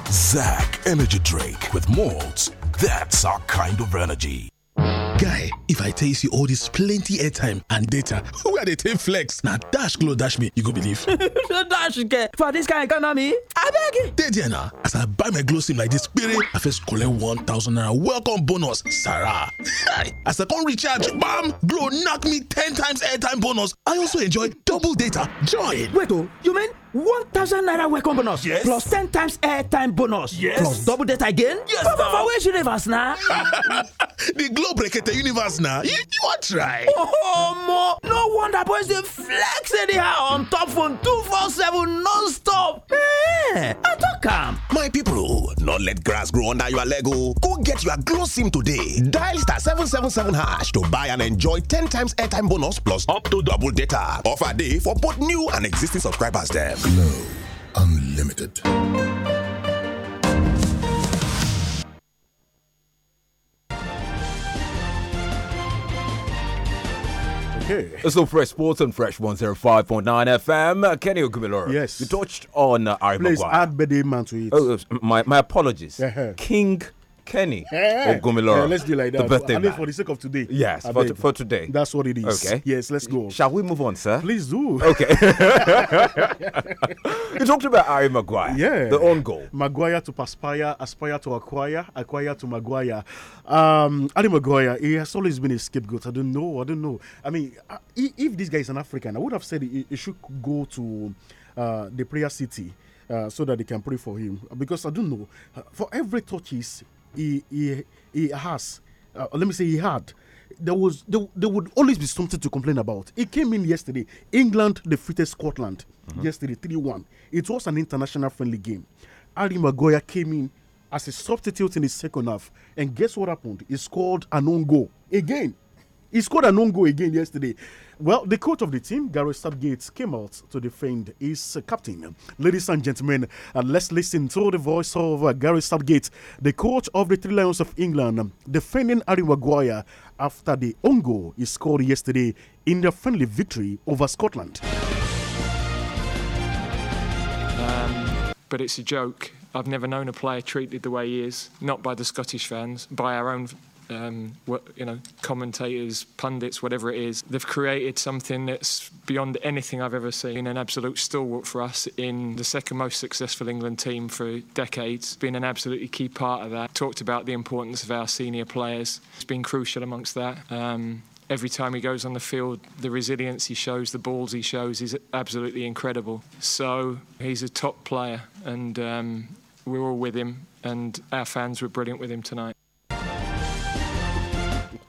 Zack Energy Drake with malts. That's our kind of energy. guy if i tell you see all this plenty airtime and data wey i dey take flex Now dash glow dash me you go believe dash get for dis kain economy I abeg dey there na as i buy my glow sim like this, spirit. i first collect 1000 naira welcome bonus sarah as i come recharge bam glow knock me 10 times airtime bonus i also enjoy double data join wait oh, you mean 1000 naira welcome bonus yes plus 10 times airtime bonus yes plus double data again yes papa for which universe now? the globe break the universe now. you wan try oh mo no wonder boys they flex anyhow on top phone 247 non-stop ehn i don't come. my people, not let grass grow under your lego. Oh. go get your glow sim today dial star 777 hash to buy and enjoy 10 times airtime bonus plus up to double data offer day for both new and existing subscribers dem Glow Unlimited. Okay. It's still Fresh Sports on Fresh 105.9 FM. Kenny Ogumiloro. Yes. You touched on uh, Ari Please Maguire. add Bede Man to it. Oh, uh, my, my apologies. Uh-huh. King Kenny yeah. Eh, eh. Ogumiloro. Yeah, let's do like that. The birthday I mean, man. for the sake of today. Yes, for, for today. That's what it is. Okay. Yes, let's go. Shall we move on, sir? Please do. Okay. you talked about Ari Maguire. Yeah. The own goal. Maguire to perspire, aspire to acquire, acquire to Maguire. Um, Harry Maguire, he has always been a scapegoat. I don't know. I don't know. I mean, uh, if this guy is an African, I would have said he, he should go to uh, the prayer city. Uh, so that they can pray for him because I don't know uh, for every touch he's he he he has. Uh, let me say he had. There was there, there would always be something to complain about. He came in yesterday. England defeated Scotland mm -hmm. yesterday, three one. It was an international friendly game. Harry Maguire came in as a substitute in the second half, and guess what happened? He scored an own goal again. He scored an own goal again yesterday. Well, the coach of the team, Gary Southgate, came out to defend his uh, captain. Ladies and gentlemen, uh, let's listen to the voice of uh, Gary Southgate, the coach of the Three Lions of England, defending Harry Maguire after the own goal he scored yesterday in their friendly victory over Scotland. Um, but it's a joke. I've never known a player treated the way he is, not by the Scottish fans, by our own um, you know, commentators, pundits, whatever it is. They've created something that's beyond anything I've ever seen, an absolute stalwart for us in the second most successful England team for decades. Been an absolutely key part of that. Talked about the importance of our senior players. It's been crucial amongst that. Um, every time he goes on the field, the resilience he shows, the balls he shows is absolutely incredible. So he's a top player, and um, we're all with him, and our fans were brilliant with him tonight.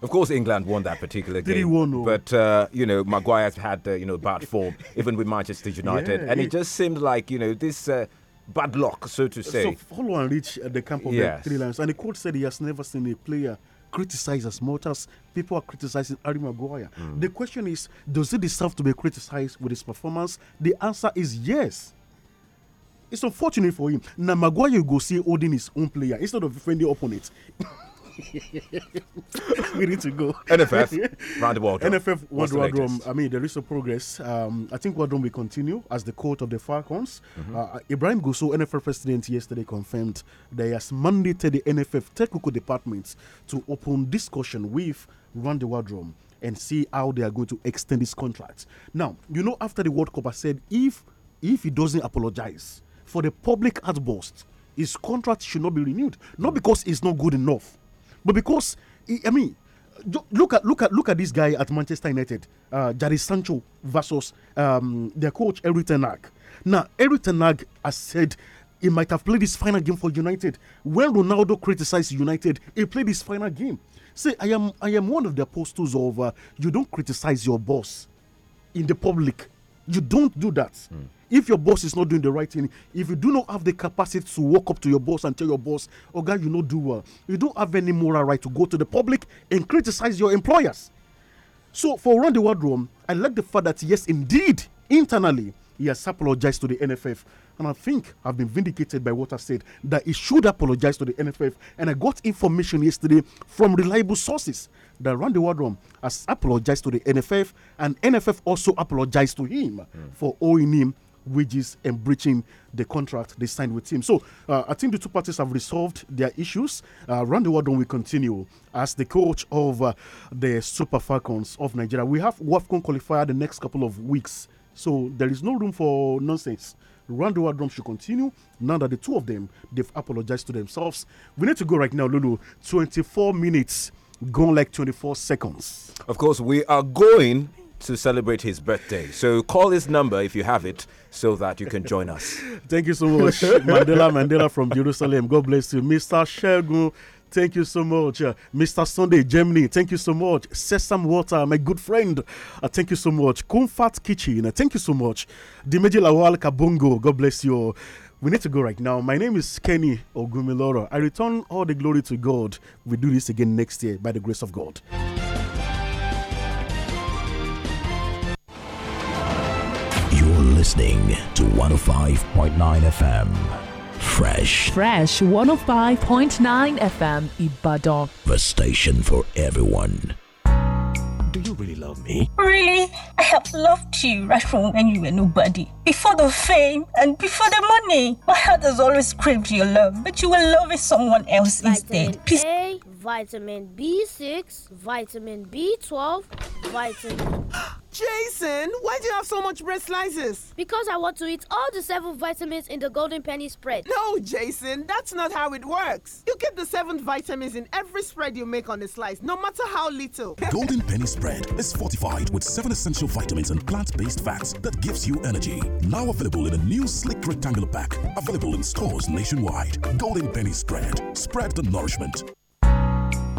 Of course, England won that particular game. Did he won? But uh, you know, Maguire had uh, you know bad form, even with Manchester United, yeah, and it, it just seemed like you know this. Uh, bad luck, so to say. So follow and reach at the camp of yes. the three lions. And the coach said he has never seen a player criticized as much as people are criticizing Harry Maguire. Mm. The question is, does he deserve to be criticized with his performance? The answer is yes. It's unfortunate for him. Now Maguire you go see holding his own player instead of defending opponents. we need to go. NFF, round the world. NFF World Wardroom. I mean, there is a progress. Um, I think Wardroom will continue as the coach of the Falcons. Mm -hmm. uh, Ibrahim Gusso, NFF president, yesterday confirmed that he has mandated the NFF technical department to open discussion with Round the room and see how they are going to extend this contract. Now, you know, after the World Cup, I said if if he doesn't apologize for the public outburst, his contract should not be renewed. Not mm. because it's not good enough, but because he, I mean, look at look at look at this guy at Manchester United, uh, Sancho versus um, their coach Erik Ten Hag. Now Erik Ten Hag has said he might have played his final game for United. When Ronaldo criticized United, he played his final game. Say, I am I am one of the apostles of uh, you don't criticize your boss in the public. You don't do that. Mm. If your boss is not doing the right thing, if you do not have the capacity to walk up to your boss and tell your boss, oh, God, you not do well, you don't have any moral right to go to the public and criticize your employers. So for Randy Wardrum, I like the fact that, yes, indeed, internally, he has apologized to the NFF. And I think I've been vindicated by what I said that he should apologize to the NFF. And I got information yesterday from reliable sources that Randy Wardrum has apologized to the NFF, and NFF also apologized to him mm. for owing him wages and breaching the contract they signed with him. So uh, I think the two parties have resolved their issues. Uh, Randy Wardon will continue as the coach of uh, the Super Falcons of Nigeria. We have WAFCON qualifier the next couple of weeks, so there is no room for nonsense. Randy Wardrum should continue now that the two of them they've apologized to themselves. We need to go right now, Lulu. 24 minutes gone like 24 seconds. Of course, we are going to celebrate his birthday. So call his number if you have it so that you can join us. Thank you so much, Mandela Mandela from Jerusalem. God bless you, Mr. Shergun. Thank you so much, uh, Mr. Sunday Germany. Thank you so much, Sesame Water, my good friend. Uh, thank you so much, Comfort Kitchen. Uh, thank you so much, Dimeji Lawal Kabongo. God bless you. We need to go right now. My name is Kenny Ogumiloro. I return all the glory to God. We do this again next year by the grace of God. listening to 105.9 FM. Fresh. Fresh 105.9 FM Ibadan. The station for everyone. Do you really love me? Really? I have loved you right from when you were nobody. Before the fame and before the money. My heart has always craved your love, but you were loving someone else vitamin instead. Peace. A, vitamin B6, vitamin B12, vitamin. Jason, why do you have so much bread slices? Because I want to eat all the seven vitamins in the golden penny spread. No, Jason, that's not how it works. You get the seven vitamins in every spread you make on a slice, no matter how little. golden penny spread is fortified with seven essential vitamins and plant-based fats that gives you energy. Now available in a new sleek rectangular pack, available in stores nationwide. Golden penny spread. Spread the nourishment.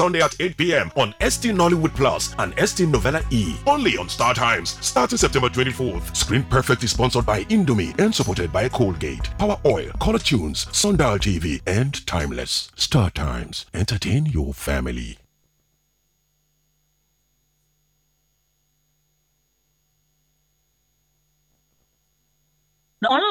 Sunday at 8 p.m. on ST Nollywood Plus and ST Novella E. Only on Star Times, starting September 24th. Screen Perfect is sponsored by Indomie and supported by Colgate, Power Oil, Color Tunes, Sundial TV, and Timeless. Star Times, entertain your family.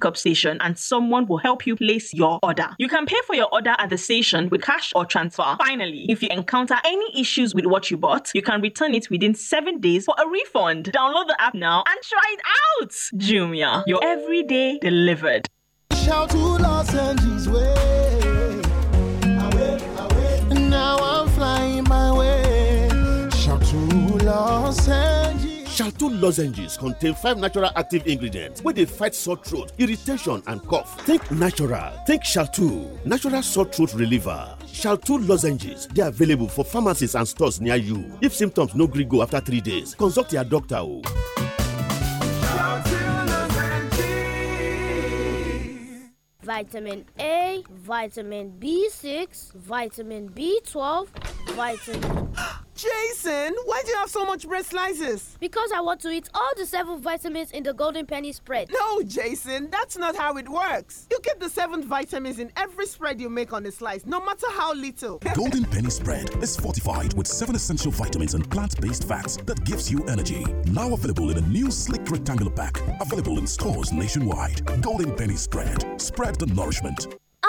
pickup station and someone will help you place your order. You can pay for your order at the station with cash or transfer. Finally, if you encounter any issues with what you bought, you can return it within seven days for a refund. Download the app now and try it out. Jumia, your everyday delivered. Shout to Los Angeles way. Now I'm flying my way. Shout to Los Angeles shalto lozenges contain five natural active ingredients where they fight sore throat irritation and cough think natural think shalto natural sore throat reliever shalto lozenges They are available for pharmacies and stores near you if symptoms no gree go after three days consult your doctor Vitamin A, vitamin B6, vitamin B12, vitamin. Jason, why do you have so much bread slices? Because I want to eat all the seven vitamins in the golden penny spread. No, Jason, that's not how it works. You get the seven vitamins in every spread you make on a slice, no matter how little. golden penny spread is fortified with seven essential vitamins and plant-based fats that gives you energy. Now available in a new sleek rectangular pack, available in stores nationwide. Golden penny spread. Spread the nourishment.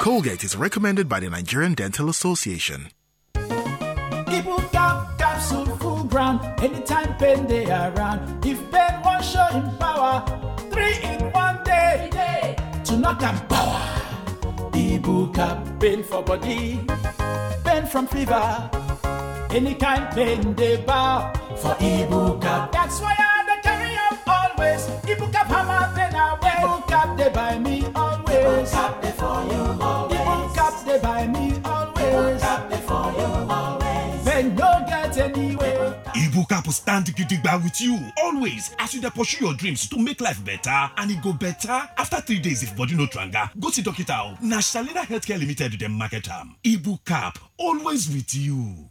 Colgate is recommended by the Nigerian Dental Association. full ground anytime pain around. If pain show power, three in one day, day. to knock power. pain for body, pain from fever, any kind pain bow for That's why I carry always. hammer pain away. me always. Ibu stand gidigba with you always as you dey pursue your dreams to make life better and e go better. After three days if body no tranga, go see doctor o. Na Shalina Healthcare Limited dem market am. Ibu cap always with you.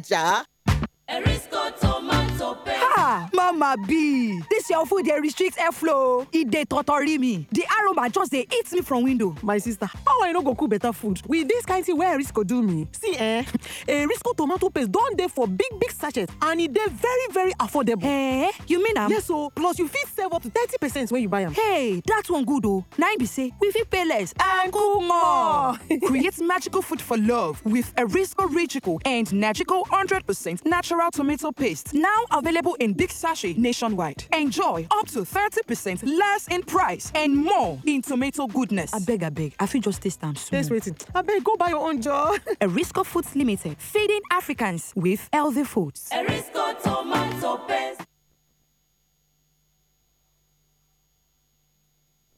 じゃ。Erisco tomato paste. Ha! Mama B! This your food dey restrict airflow. E dey totori me. The aroma just dey eat me from window. My sister, how I no go cook better food? With this kind thing where Erisco do me. See eh, Erisco tomato paste done dey for big big sachets, and it e dey very very affordable. Eh? You mean am? Yes o, plus you fit save up to thirty percent when you buy am. Hey, that one good o. Oh. Now im be say we fit pay less and cook more. Create magical food for love with Erisco ritual and Nagico 100% natural natural tomato paste, now available in big sachet nationwide. Enjoy up to 30% less in price and more in tomato goodness. I beg, I beg. I feel just taste and soon. Taste waiting. I beg, go buy your own jar. Erisco Foods Limited, feeding Africans with healthy foods. Erisco tomato paste.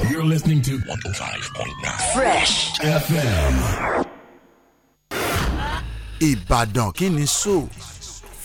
You're listening to 105.9 Fresh FM. Ìbàdàn kí so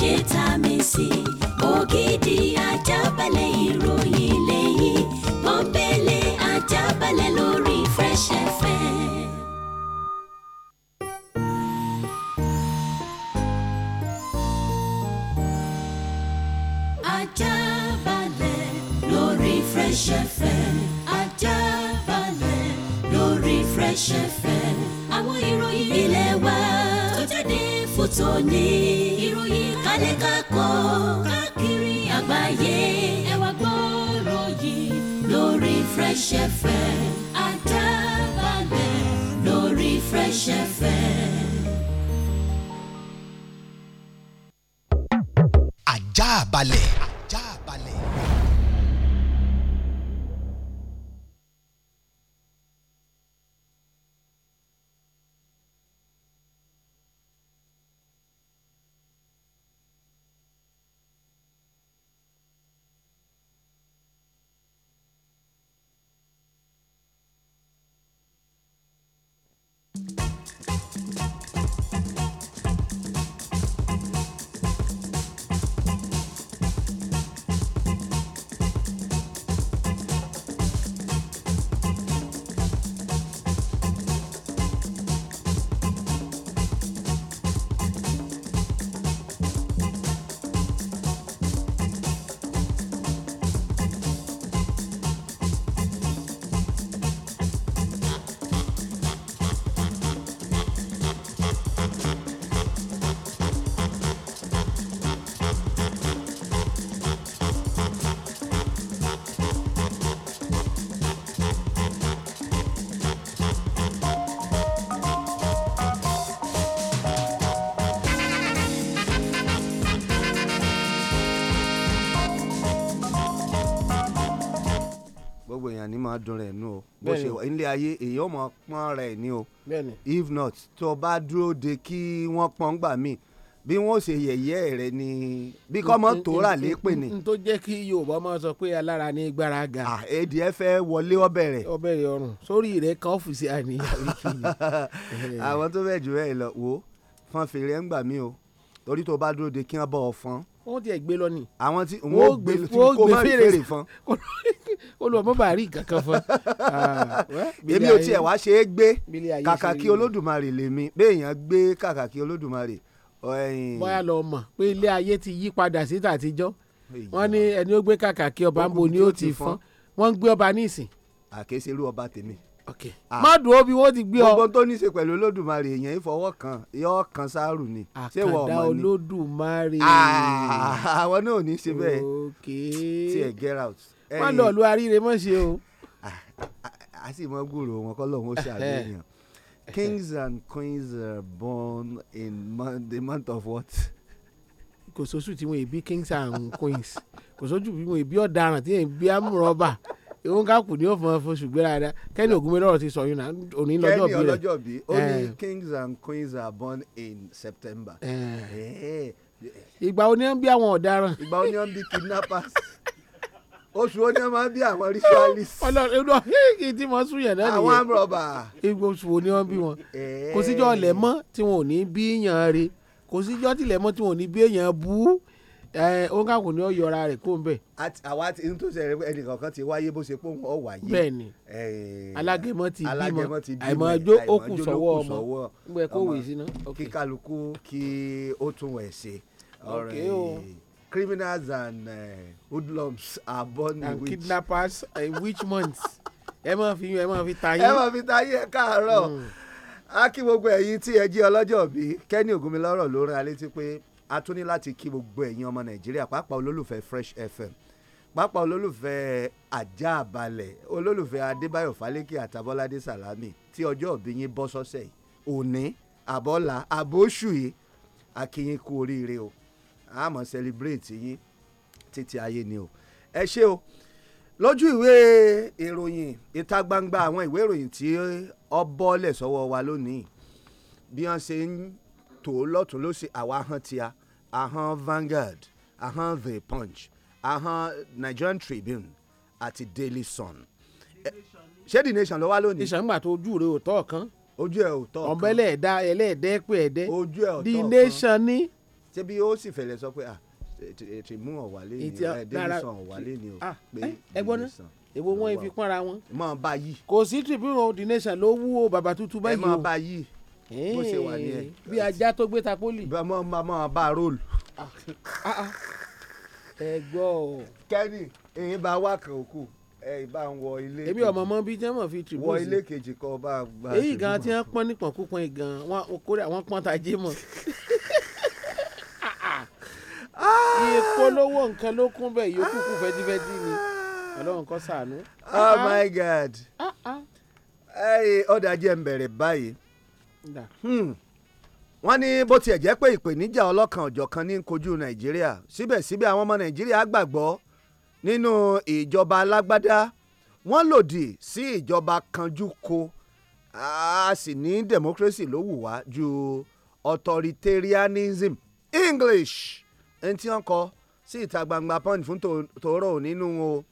ṣe tá a mi sí ògidì ajábalẹ̀ ìró. Fresh FM. ní máa dun rẹ̀ nù o bó ṣe wà nílé ayé èyí ò mọ̀ pọ́n rẹ̀ ní o if not tó o bá dúró de kí wọ́n pọ́n gbà míì bí wọ́n ṣe yẹ̀yẹ́ rẹ̀ ni bí kọ́ mọ́ tó rà lépè ni. n tó jẹ́ kí yorùbá máa sọ pé alára ní gbára ga. èdè ẹ fẹ́ wọlé ọbẹ̀ rẹ̀. ọbẹ̀ rẹ̀ ọrùn sórí rẹ̀ ká ọ́fíìsì àníyàn. àwọn tó bẹ̀ jù bẹ́ẹ̀ lọ wo fọn fèrè ń gbà mí o torí tó bá dúró de kí wọ́n bọ̀ ọ̀ fọn wọ́n ti ẹ̀ gbé lọ ni. àwọn tí wọ́n ó gbé kó má fèrè fún. olùwàmọ́bàárì kankan fún. Ah, èmi ò tiẹ̀ wá ṣe é gbé kàkà kí olódùmarè lèmi béèyàn gbé kàkà kí olódùmarè. bóyá lọ mọ̀ pé ilé ayé ti yí padà sí tàtijọ́ wọ́n ní ẹni ó gbé kàkà kí ọba ń bo ni ó ti fọ́n wọ́n ń gbé ọba ní ìsìn. àkèsí irú ọba tèmi. Ah. má dùn ó bí wọ́n ti gbé ọ. gbogbo tó ní í ṣe pẹ̀lú olódùmarè èèyàn ìfọwọ́ kan yọ kan sáárù ni. àkàndá olódùmarè. Ah, àwọn náà ò ní í ṣe bẹ́ẹ̀ tiẹ̀ get out. má lọ lu aríire mọ́ ṣe o. Ah, a sì mọ gbòòrò wọn kọ́ lọ́hún ó ṣàlùyàn. kings and queens are born in the month of what. kò sóṣù tí wọn èbí kings and queens kò sóṣù tí wọn èbí ọ̀daràn tí wọn èbí amúrọ̀bà òun ká kù ní òfò fòṣù gbéra rẹ kẹ́ni ògúnmẹ́rọ̀ ti sọ yín náà òní lọ́jọ́ bí rẹ. kẹ́ni ọlọ́jọ́ bí ó ní kings and queens are born in September. ìgbà oní bí àwọn ọ̀daràn. ìgbà oní bí kidnappers oṣù oní máa ń bí àwọn ritualist. Ọlọ́run ló kí tí mo sún yẹn náà nìyẹn. àwọn amúrọ̀bà. oṣù oní wọn bí wọn. kò síjọ́ lẹ̀ mọ́ tí wọn ò ní bí yàn án re kò síjọ́ tilẹ̀ mọ́ tí wọn ò ní bí èèyàn bú ẹ ó ń kàkùn ní ọyọra rẹ kó ń bẹ. àwa ti n tó ṣe ẹnì kankan ti wáyé bó ṣe pé òun ọ wáyé. bẹ́ẹ̀ni alágẹmọ ti bímọ àìmọ ọjọ́ ó kù ọmọ nígbà kó wèé síná. kí kálukú kí ó tún ẹ̀ ṣe. ọ̀rẹ́ criminals and uh, hoodlums are born and in which. and kidnappers in eh, which months. ẹ máa fi ẹ máa fi tayé. ẹ máa fi tayé ẹ káàárọ̀ hmm. a kí gbogbo ẹ̀yin tí ẹ jí ọlọ́jọ́ bí kẹ́ni ògúnmilọ́rọ̀ ló rán alétí pé a tún ní láti kí gbogbo ẹ̀yin ọmọ nàìjíríà pàápàá olólùfẹ́ fresh fm pàápàá olólùfẹ́ ajá balẹ̀ olólùfẹ́ adébáyọ̀ fálékì àtàbọ́ládé sàlámì tí ọjọ́ òbí yín bọ́ sọ́sẹ̀ yìí òní àbọ́là àbóṣù yìí akínyín kú oríire o àmọ́ celebrate yín títí ayé ni o ẹ ṣé o lójú ìwé ìròyìn ìta gbangba àwọn ìwé ìròyìn tí ọ bọ́lẹ̀ sọ́wọ́ wa lónìí bí wọ́n ṣe ń tò lọ́tún lọ́sẹ̀ àwa hàn tíya ahọ́n Vanguard ahọ́n The Punch ahọ́n Nigerian Tribune àti Daily Sun ṣé The Nation ló wá lónìí. ìṣàǹgbà tó ojú rẹ ò tọ́ kan ojú ẹ ò tọ́ kan ọ̀bẹ ẹlẹ́ẹ̀dá ẹlẹ́ẹ̀dẹ́ pé ẹ̀dẹ́ ojú ẹ ò tọ́ kan The Nation ni. ṣé bí ó sì fẹ̀lẹ̀ sọ pé ah tìmú ọ̀wálé ni Daily Sun ọ̀wálé ni o pé The Nation èwo wọn fi kúnra wọn. mọ bá yìí. kò sí Tribune The Nation ló wú o bàbá tuntun báyìí o. ẹ mọ bá yìí bó ṣe wà ní ẹ. bí ajá tó gbé ta pólì. mọ mọ bá róòlù. Ah, ah, ah. ẹ gbọ́ o. kẹ́ni èyí bá wà kàn ó kù ẹ bá ń wọ ilé. èmi ọmọ ọmọ bíi jẹ́mọ̀ fi tìbú sí. wọ ilé kejì kan bá gba tìbú. èyí gan ti ń pọ́n nípọ̀n kúpọ̀n gan wọn kórè àwọn pọ́n ta jé mọ̀. ìpolówó nǹkan ló kún bẹ́ẹ̀ yòókù kù fẹ́dífẹ́dí ni ọlọ́run kó ṣàánú. oh my god. ọ̀dà jẹ́ ń bẹ̀rẹ̀ báyìí. Hmm. wọ́n ní bó tiẹ̀ jẹ́ pé ìpèníjà ọlọ́kan ọ̀jọ̀kan ní kojú nàìjíríà síbẹ̀síbẹ̀ àwọn ọmọ nàìjíríà gbàgbọ́ nínú ìjọba alágbádá wọ́n lòdì sí ìjọba kanjúko a sì ní democracy ló wù wá ju authoritarianism english ẹni tí wọ́n kọ sí ìta gbangba pọ́ǹdì fún tòórọ́ òní nínú o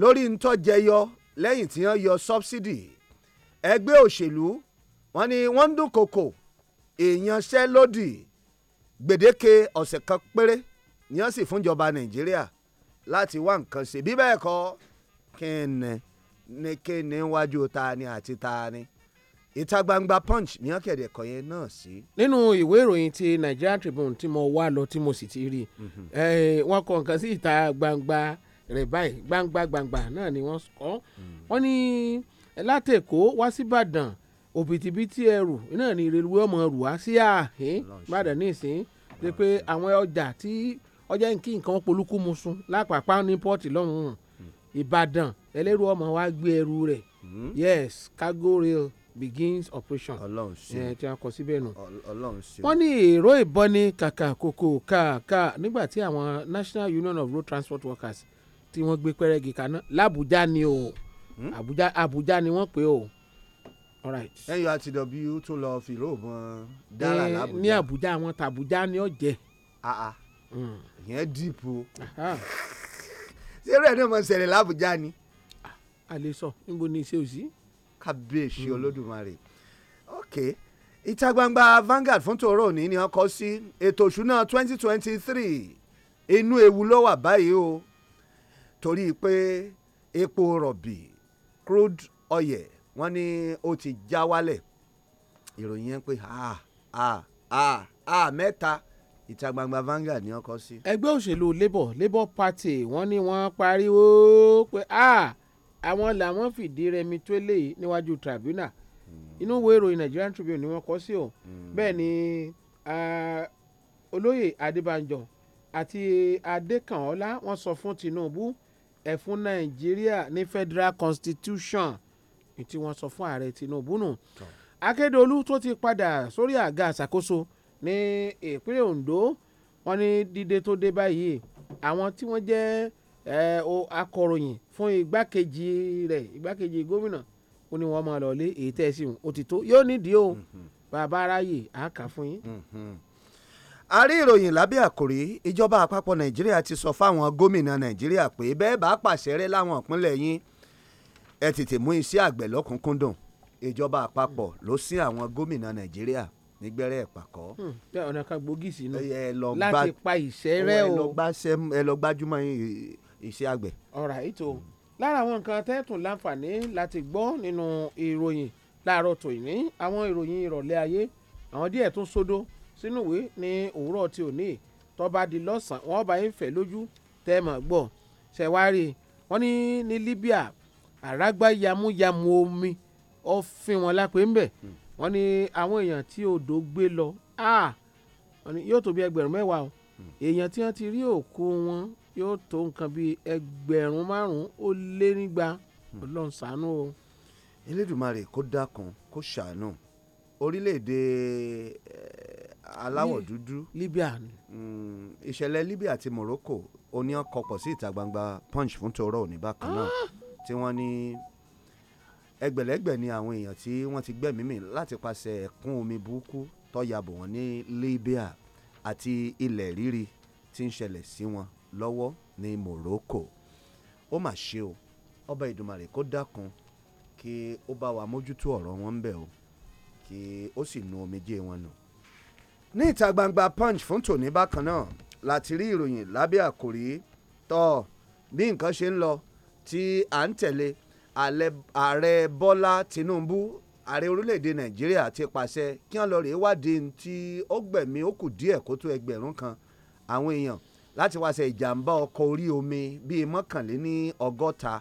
lórí ntọ́jẹyọ lẹ́yìn tí wọ́n yọ subsidy ẹgbẹ́ òṣèlú wọ́n ní wọ́n ń dúnkokò ìyanṣẹ́lódì gbèdéke ọ̀sẹ̀ kan péré ni wọ́n sì fúnjọba nàìjíríà láti wá nǹkan ṣe bí bẹ́ẹ̀ kọ́ kíni ní kíni wájú tani àti tani ìta gbangba punch ni wọ́n kéde ẹ̀kọ́ yẹn náà sí. nínú ìwé ìròyìn ti Nigeria Tribune tí mo wá lọ tí mo sì ti rí mhm. wọ́n kọ nǹkan sí ìta gbangba rẹ̀ báyìí gbangba gbangba náà ni wọ́n kọ mm. wọ́n ní látẹ̀kọ́ wá síbàdàn òbítíbitì ẹrù náà ni rélùwé ọmọ rù wá sí àhín gbàdàn nísìn ṣe pé àwọn ọjà tí ọjà nkí nǹkan polúkú mu sun lápapá ní pọ́ọ̀tì lọ́hùn-ún hmm. ìbàdàn ẹlẹ́rù ọmọ wa gbé ẹrù rẹ̀ hmm. yes cargo rail begins operation ọlọ́run ṣe ẹ tí a kọ síbẹ̀ nù ọlọ́run ṣe. wọ́n ní èrò ìbọn kàkà kòkò kàkà nígbà tí àwọn National Union of Road Transport Workers tí wọ́n gbé pẹ́rẹ́gì kaná làbújá ni o àbújá hmm? ni wọ́n pè o. Mm nurtw tún lọ fìró ìbọn dára eh, lábùjá ní àbújá àwọn tàbújá ni ó jẹ. Ah, ah. Hmm. ìyẹn dìpọ̀ ṣé rẹ̀ náà mọ̀ ṣẹlẹ̀ lábùjá ni. a lè sọ níbo ni iṣẹ́ òsì. kábíyèsí hmm. olódùmarè ok ìta gbangba Vanguard fún tòró òní ni wọ́n kọ sí ètò òṣùná twenty twenty three inú ewu ló wà báyìí o torí pé epo rọ̀bì crude oil wọ́n ní ó ti já wálẹ̀ ìròyìn yẹn pé a a a a mẹ́ta ìta gbangba Vanguard ni wọ́n kọ sí. ẹgbẹ́ òṣèlú labour labour party wọ́n ní wọ́n pariwo pé a àwọn làwọn fìdí rẹmi tó léyìí níwájú tribunal hmm. inú ìwé ìròyìn Nigerian Tribune ni wọ́n kọ sí o hmm. bẹ́ẹ̀ ni olóyè Adébánjọ àti Adékànọ́lá wọ́n sọ fún Tinubu ẹ Nàìjíríà ní federal constitution. Mm tí wọ́n sọ fún ààrẹ Tinubu nù Akérédolú tó ti padà sórí àga àṣàkóso ní ìpínlẹ̀ Ondo wọ́n ní dídé tó dé báyìí àwọn tí wọ́n jẹ́ akọ̀ròyìn fún igbákejì rẹ̀ igbákejì gómìnà ó ní wọ́n máa lọ lé èyí tẹ́ ẹ sí ó ti tó yóò nídìí o mm-hmm. bàbá aráyè á fún yín. Mm-hmm. a rí ìròyìn lábẹ́ àkòrí ìjọba àpapọ̀ nàìjíríà ti sọ fáwọn gómìnà nàìjíríà pé bẹ́ẹ̀ bá pàṣẹ rẹ̀ láwọn ìpínlẹ̀ yín ẹ tètè mú iṣẹ́ àgbẹ̀ lọ́kùnkúndùn ìjọba àpapọ̀ ló sín àwọn gómìnà nàìjíríà nígbẹ́rẹ́ ìpàkọ́. Hmm, ọ̀nà kan gbòógì sínú láti pa ìṣẹ́ rẹ o ẹ lọ gbájúmọ́ iṣẹ́ àgbẹ̀. alright o lára àwọn nǹkan tẹ́tùn láǹfààní láti gbọ́ nínú ìròyìn láàárọ̀ tòní àwọn ìròyìn ìrọ̀lẹ́ ayé àwọn díẹ̀ tún sódó sínú ìwé ní òwúrọ̀ tí ò ní tọ́ba di lọ́sàn-án wọ́n bá ń fẹ̀ lójú tẹ́ mọ̀ gbọ́ ṣẹ̀wárí wọ́n ní ní Libya àrágbá yamuyamu omi ọ̀fin wọn lápẹ́ ńbẹ̀ hmm. wọ́n ní àwọn èèyàn tí odò gbé lọ ah! yóò tó bí ẹgbẹ̀rún mẹ́wàá o hmm. èèyàn tí wọ́n ti rí òkú wọn yóò tó nǹkan bí ẹgbẹ̀rún márùn-ún ó lé nígba hmm. ọlọ́run ṣàánú o. elédùnmarè kó dákun kó ṣàánú orílẹ̀-èdè eh, aláwọ̀ dúdú Libya ni. ìṣẹ̀lẹ̀ Libya àti Morocco oníyàn kọpọ̀ sí ìta gbangba Punch fún tòró òní bákan náà. Ah! tí wọ́n ní ẹgbẹ̀lẹ́gbẹ̀ ni àwọn èèyàn tí wọ́n ti gbẹ̀mí mì láti paṣẹ ẹ̀kún omi burúkú tó ya bò wọ́n ní Libya àti ilẹ̀ rírì tí ń ṣẹlẹ̀ sí wọn lọ́wọ́ ní Morocco ó mà ṣe o ọba Ìdùmarè kó dákun kí ó bá wa mójútó ọ̀rọ̀ wọn ń bẹ̀ o kí ó sì nu omijé wọn nù. ní ìta gbangba punch fún tòní bákan náà láti rí ìròyìn lábẹ́ àkòrí tó bí nǹkan ṣe ń lọ tí a ń tẹ̀lé ààrẹ bọ́lá tinubu ààrẹ orílẹ̀‐èdè nàìjíríà ti pàṣẹ kí wọ́n lọ rèé wádìí tí ó gbẹ̀mí ó kù díẹ̀ kó tó ẹgbẹ̀rún kan àwọn èèyàn láti wáṣẹ ìjàmbá ọkọ̀ orí omi bíi mọ́kànléní ọgọ́ta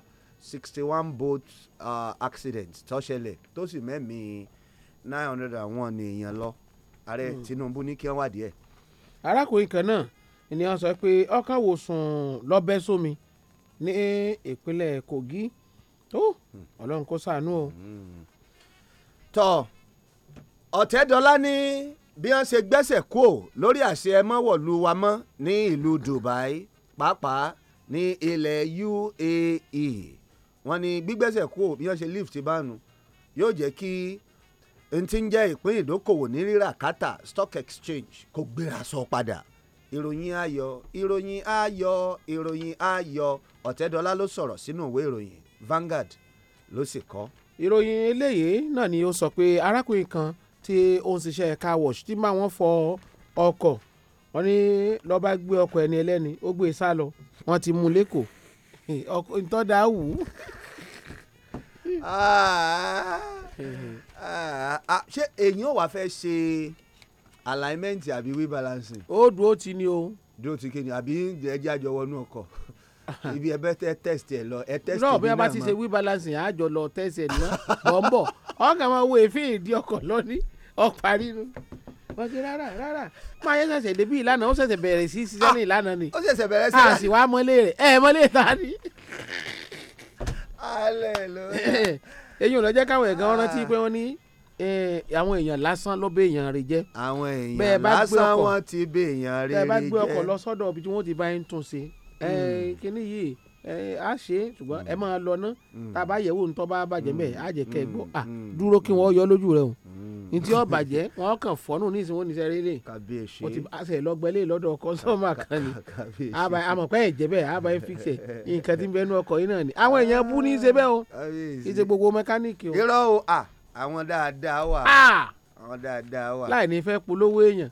sixty one boat uh, accident tó ṣẹlẹ̀ tó sì mẹ́mìí nine hundred and one èèyàn lọ ààrẹ hmm. tinubu ní kí wọ́n wádìí ẹ̀. arákùnrin kan náà ni wọ́n sọ pé ọkàn wò sùn lọ́bẹ̀ sómi. So ní ìpínlẹ̀ Kogi tó ọlọ́run kó ṣàánú o. tọ́ ọ̀tẹ́dọ́lá ní bí wọ́n ṣe gbẹ́sẹ̀ kó lórí àṣẹ ẹmọ́wọ̀lú wa mọ́ ní ìlú Dubai pàápàá ní ilẹ̀ UAE wọ́n ní gbígbẹ́sẹ̀ kó bí wọ́n ṣe lift bánu yóò jẹ́ kí n ti ń jẹ́ ìpín ìdókòwò ní rírà kátà stock exchange kó gbéra sọ padà ìròyìn ayọ̀ ìròyìn ayọ̀ ìròyìn ayọ̀ ọ̀tẹ́dọ́lá ló sọ̀rọ̀ sínú ìwé ìròyìn Vanguard ló sì kọ. ìròyìn eléyìí náà ni ó sọ pé arákùnrin kan tí ó ń ṣiṣẹ́ car wash Ti máa wọ́n fọ ọkọ̀ wọ́n ní lọ́ọ́ bá gbé ọkọ̀ ẹni ẹlẹ́ni ó gbé e sá lọ wọ́n ti mú un lẹ́kọ̀ọ́ ìtọ́dà wù ú. Ah, ah, ah, ṣé èyí ò wá fẹ́ ṣe alignment àbí wheel balancing. ó dúró ti ni o. dúró ti kí ni àbí ẹjẹ́ àjọ wọnú ọkọ̀ ibi ẹbẹ tẹ test ẹ lọ ẹ test náà bí a bá ti ṣe wheel balancing àjọ lọ test ẹ náà bọ̀ ń bọ̀ ọkàn máa wo èéfín ìdí ọkọ̀ lónìí ọ̀parí nu wọ́n ti rárá rárá máa yẹ ṣẹ̀ṣẹ̀ débi ìlànà ó ṣẹ̀ṣẹ̀ bẹ̀rẹ̀ sí ṣiṣẹ́ ní ìlànà ni ó ṣẹ̀ṣẹ̀ bẹ̀rẹ̀ sí àṣì wá mọ́lé rẹ̀ ẹ̀ mọ́lé ta ni. alẹ́ ló. eyín ò lọ jẹ́ káwọn ẹ̀gán rántí pé wọ́n ní àwọn èèyàn lásán ló bẹ èèyàn rẹ jẹ. àwọn èèyàn lásán wọn ti bẹ èèyàn rẹ jẹ. bẹ́ẹ̀ bá gbé ọkọ̀ lọ sọ́dọ̀ ibi tí wọ́n ti bá ń tún ṣe. Hmm. kíní yìí a ṣe é ṣùgbọ́n ẹ hmm. máa lọ ná hmm. tá a bá yẹ̀wò ń tọ́ bá bàjẹ́ mẹ́ẹ̀ á jẹ́ kẹ́ ẹ gbọ́ à dúró kí wọ́n yọ lójú rẹ o ní tí ó bàjẹ́ wọ́n kàn fọ́nù ní ìsìn wọn ní sẹ́rí lè o ti àṣẹ lọ́gbẹ́lẹ́ lọ́dọ̀ kọ́sọ́mà kan ni àmọ̀ pé ẹ̀jẹ̀ bẹ́ẹ̀ àbá yẹn fíṣẹ̀ nǹkan tí ń bẹnu ọkọ̀ yìí náà ni àwọn èèyàn bú ní í ṣe bẹ́ẹ̀ o ìṣe gbogbo mẹkáníìkì o. irọ́ o à àwọn dáadáa wà. àwọn dáadáa wà. láì ní fẹ́ polówó èèyàn.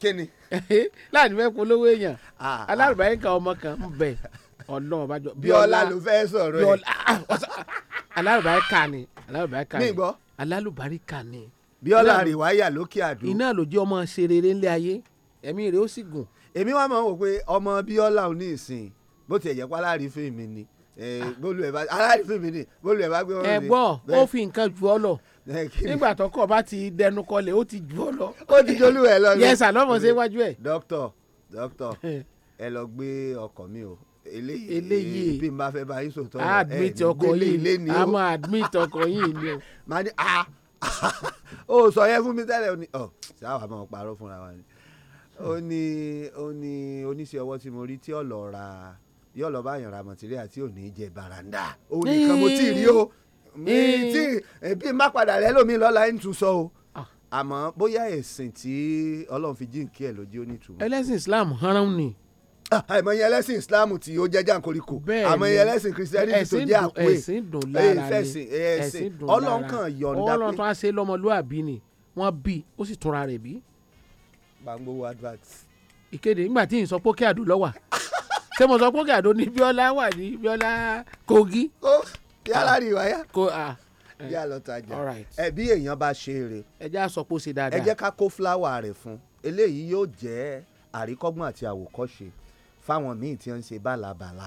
kíni. láì ní fẹ́ polówó èèyàn. alárùbáyé kan ọmọ kan ń bẹ ọlọ́run bá jọ. bíọ́lá ló fẹ́ sọ̀rọ̀ yìí. Ah, alárùbáyé kan ni alárùbáyé kan ni. mi gbọ́. alárùbáyé kan ni. bíọ́lá rìwáyà lókè àdó. iná ló jẹ́ ọmọ ṣe rere ńlẹ̀ ayé ẹ̀mí rẹ̀ ó sì gùn. èmi wá máa ń wò pé ọmọ biola ò ní ìsìn bó ti ẹ̀jẹ̀ pa láàrin fíìmù ni Eh, bólú ẹ̀ bá aláàfin mi ni bólú ẹ̀ bá gbé wọn. ẹ̀gbọ́n ó fi nǹkan jù ọ lọ nígbà tọkọ bá ti dẹnu kọlẹ̀ ó ti jù ọ lọ. ó ti jolú ẹ lọ. yẹsà lọmọ sí iwájú ẹ. dókítà dókítà ẹ lọ gbé ọkọ mi o eléyìí bí n bá fẹ́ bá yín sòtọ́ ẹ admit ọkọ yìí a máa admit ọkọ yìí ni o. màá ní a ah, ó ah, sọ yẹn fún mi tẹ́lẹ̀ ó ní ọ oh, sáwà máa parọ́ fúnra wa ni ó ní oníṣẹ́ ọwọ́ tí mo rí tí ọ̀lọ́ ra yóò lọ bá yàn ra mọ̀tíríà tí jẹ baranda òun nìkan mo ti rí o mi eh. ti eh, bí n bá padà rẹ lómi lọ́la ń tún sọ o ah. àmọ́ bóyá ẹ̀sìn tí ọlọ́run fi jíǹkí ẹ̀ lójú ó nítumọ̀. ẹlẹ́sìn Islam haram ni. Ah, àìmọye ẹlẹ́sìn Islam tí ó jẹ́ jàǹkóríkò àìmọye ẹlẹ́sìn kìrìsìtẹ́nì tó jẹ́ àpè ẹ̀sìn dùn lára ni ẹ̀sìn eh, dùn lára ọlọ́run kan yọ̀ǹda pé ọlọ́run tó wá ṣe lọ́mọlúwàbí ni wọ́n bí ó sì tura rẹ̀ bí. gbàgbówó advert. ìkéde nígbà tí ì sọ pé ó kí àdúlọ́wà ṣé mo sọ pé gàdó ni bíọ́lá wà ní bíọ́lá kogi. ó yálà rí wáyà. bí a lọ èèyàn bá ṣe eré. ẹ jẹ́ àsọpọ̀ sí dáadáa. ẹ jẹ́ ká kó fúláwà rẹ̀ fún eléyìí yóò jẹ́ àríkọ́gbọ́n àti àwòkọ́ṣe fáwọn míì tí wọ́n ń ṣe bálabàla.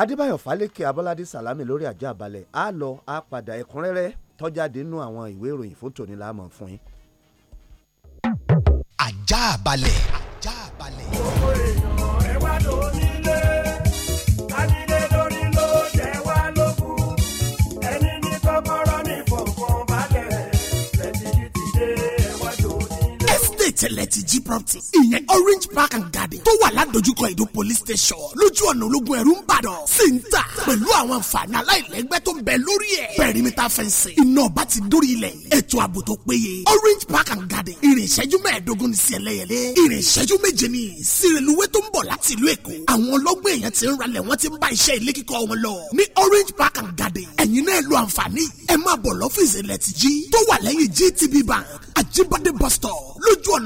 adébáyọ̀ fálékè abọ́ládé sàlámì lórí àjà àbálẹ̀ á lọ á padà ẹ̀kúnrẹ́rẹ́ tọ́jáde nínú àwọn ìwé ìròyìn fún tòní la fún yín. àjà àbálẹ̀. àjà àbálẹ̀. Don't tẹ̀lẹ̀ ti jí property ìyẹn orange park and garden tó wà ládojúkọ ìdó police station lójú ọ̀nà ológun ẹ̀rú ń bàdàn sí ń tà pẹ̀lú àwọn àǹfààní aláìlẹ́gbẹ́ tó ń bẹ lórí ẹ̀ pẹ̀rímítà fẹ́ǹsì iná ọba ti dórí ilẹ̀ ètò ààbò tó péye orange park and garden ìrìn ìṣẹ́jú mẹ́ẹ̀ẹ́dógún ní sí ẹlẹ́yẹlé ìrìn ìṣẹ́jú méje ní sírèlúwé tó ń bọ̀ láti ìlú èkó àwọn ọlọ́gbọ́n èèyàn ti ń ralẹ̀ wọ́n ti ń bá iṣẹ́ ilé kíkọ́ wọn lọ ní orange park and garden ẹ̀yin náà lo àǹfààní ẹ máa bọ̀ lọ́fíìsì lẹ́tìjí tó wà lẹ́yìn gtb bank àjíbádé bus stop lójú ọ̀nà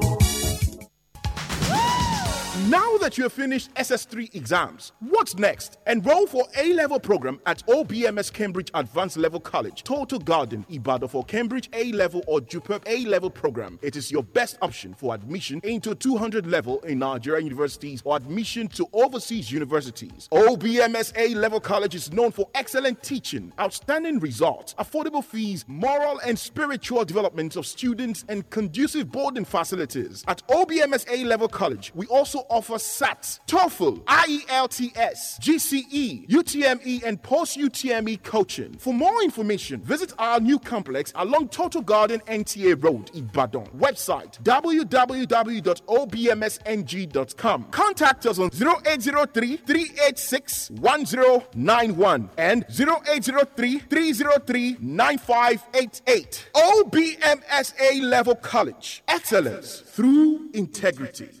Now that you have finished SS3 exams, what's next? Enroll for A-level program at OBMS Cambridge Advanced Level College, Total Garden, Ibadan for Cambridge A-level or Jupiter A-level program. It is your best option for admission into 200 level in Nigerian universities or admission to overseas universities. OBMS A-level college is known for excellent teaching, outstanding results, affordable fees, moral and spiritual development of students and conducive boarding facilities. At OBMS A-level college, we also offer offer SATs, TOEFL, IELTS, GCE, UTME, and post UTME coaching. For more information, visit our new complex along Total Garden NTA Road, Ibadan. Website www.obmsng.com. Contact us on 0803 386 1091 and 0803 303 9588. OBMSA Level College. Excellence through integrity.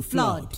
flood.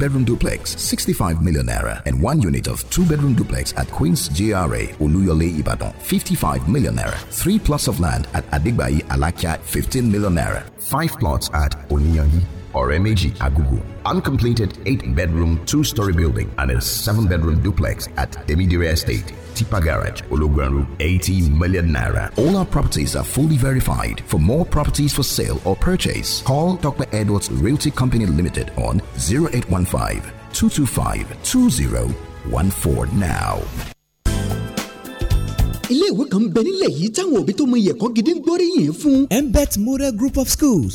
bedroom duplex, 65 million naira, and one unit of two bedroom duplex at Queen's GRA, Oluyole Ibadan, 55 million naira, three plots of land at Adigbai Alakia, 15 million naira, five plots at Oniyangi or MAG Agugu. Uncompleted 8 bedroom, 2 story building and a 7 bedroom duplex at Demidire Estate, Tipa Garage, Ologuanru, 80 million naira. All our properties are fully verified. For more properties for sale or purchase, call Dr. Edwards Realty Company Limited on 0815 225 2014 now. ilé ìwé kan ń bẹ nílẹ̀ yìí táwọn òbí tó mọ iyẹ̀kọ́ gidi ń gbóríyìn fún. mbet model group of schools.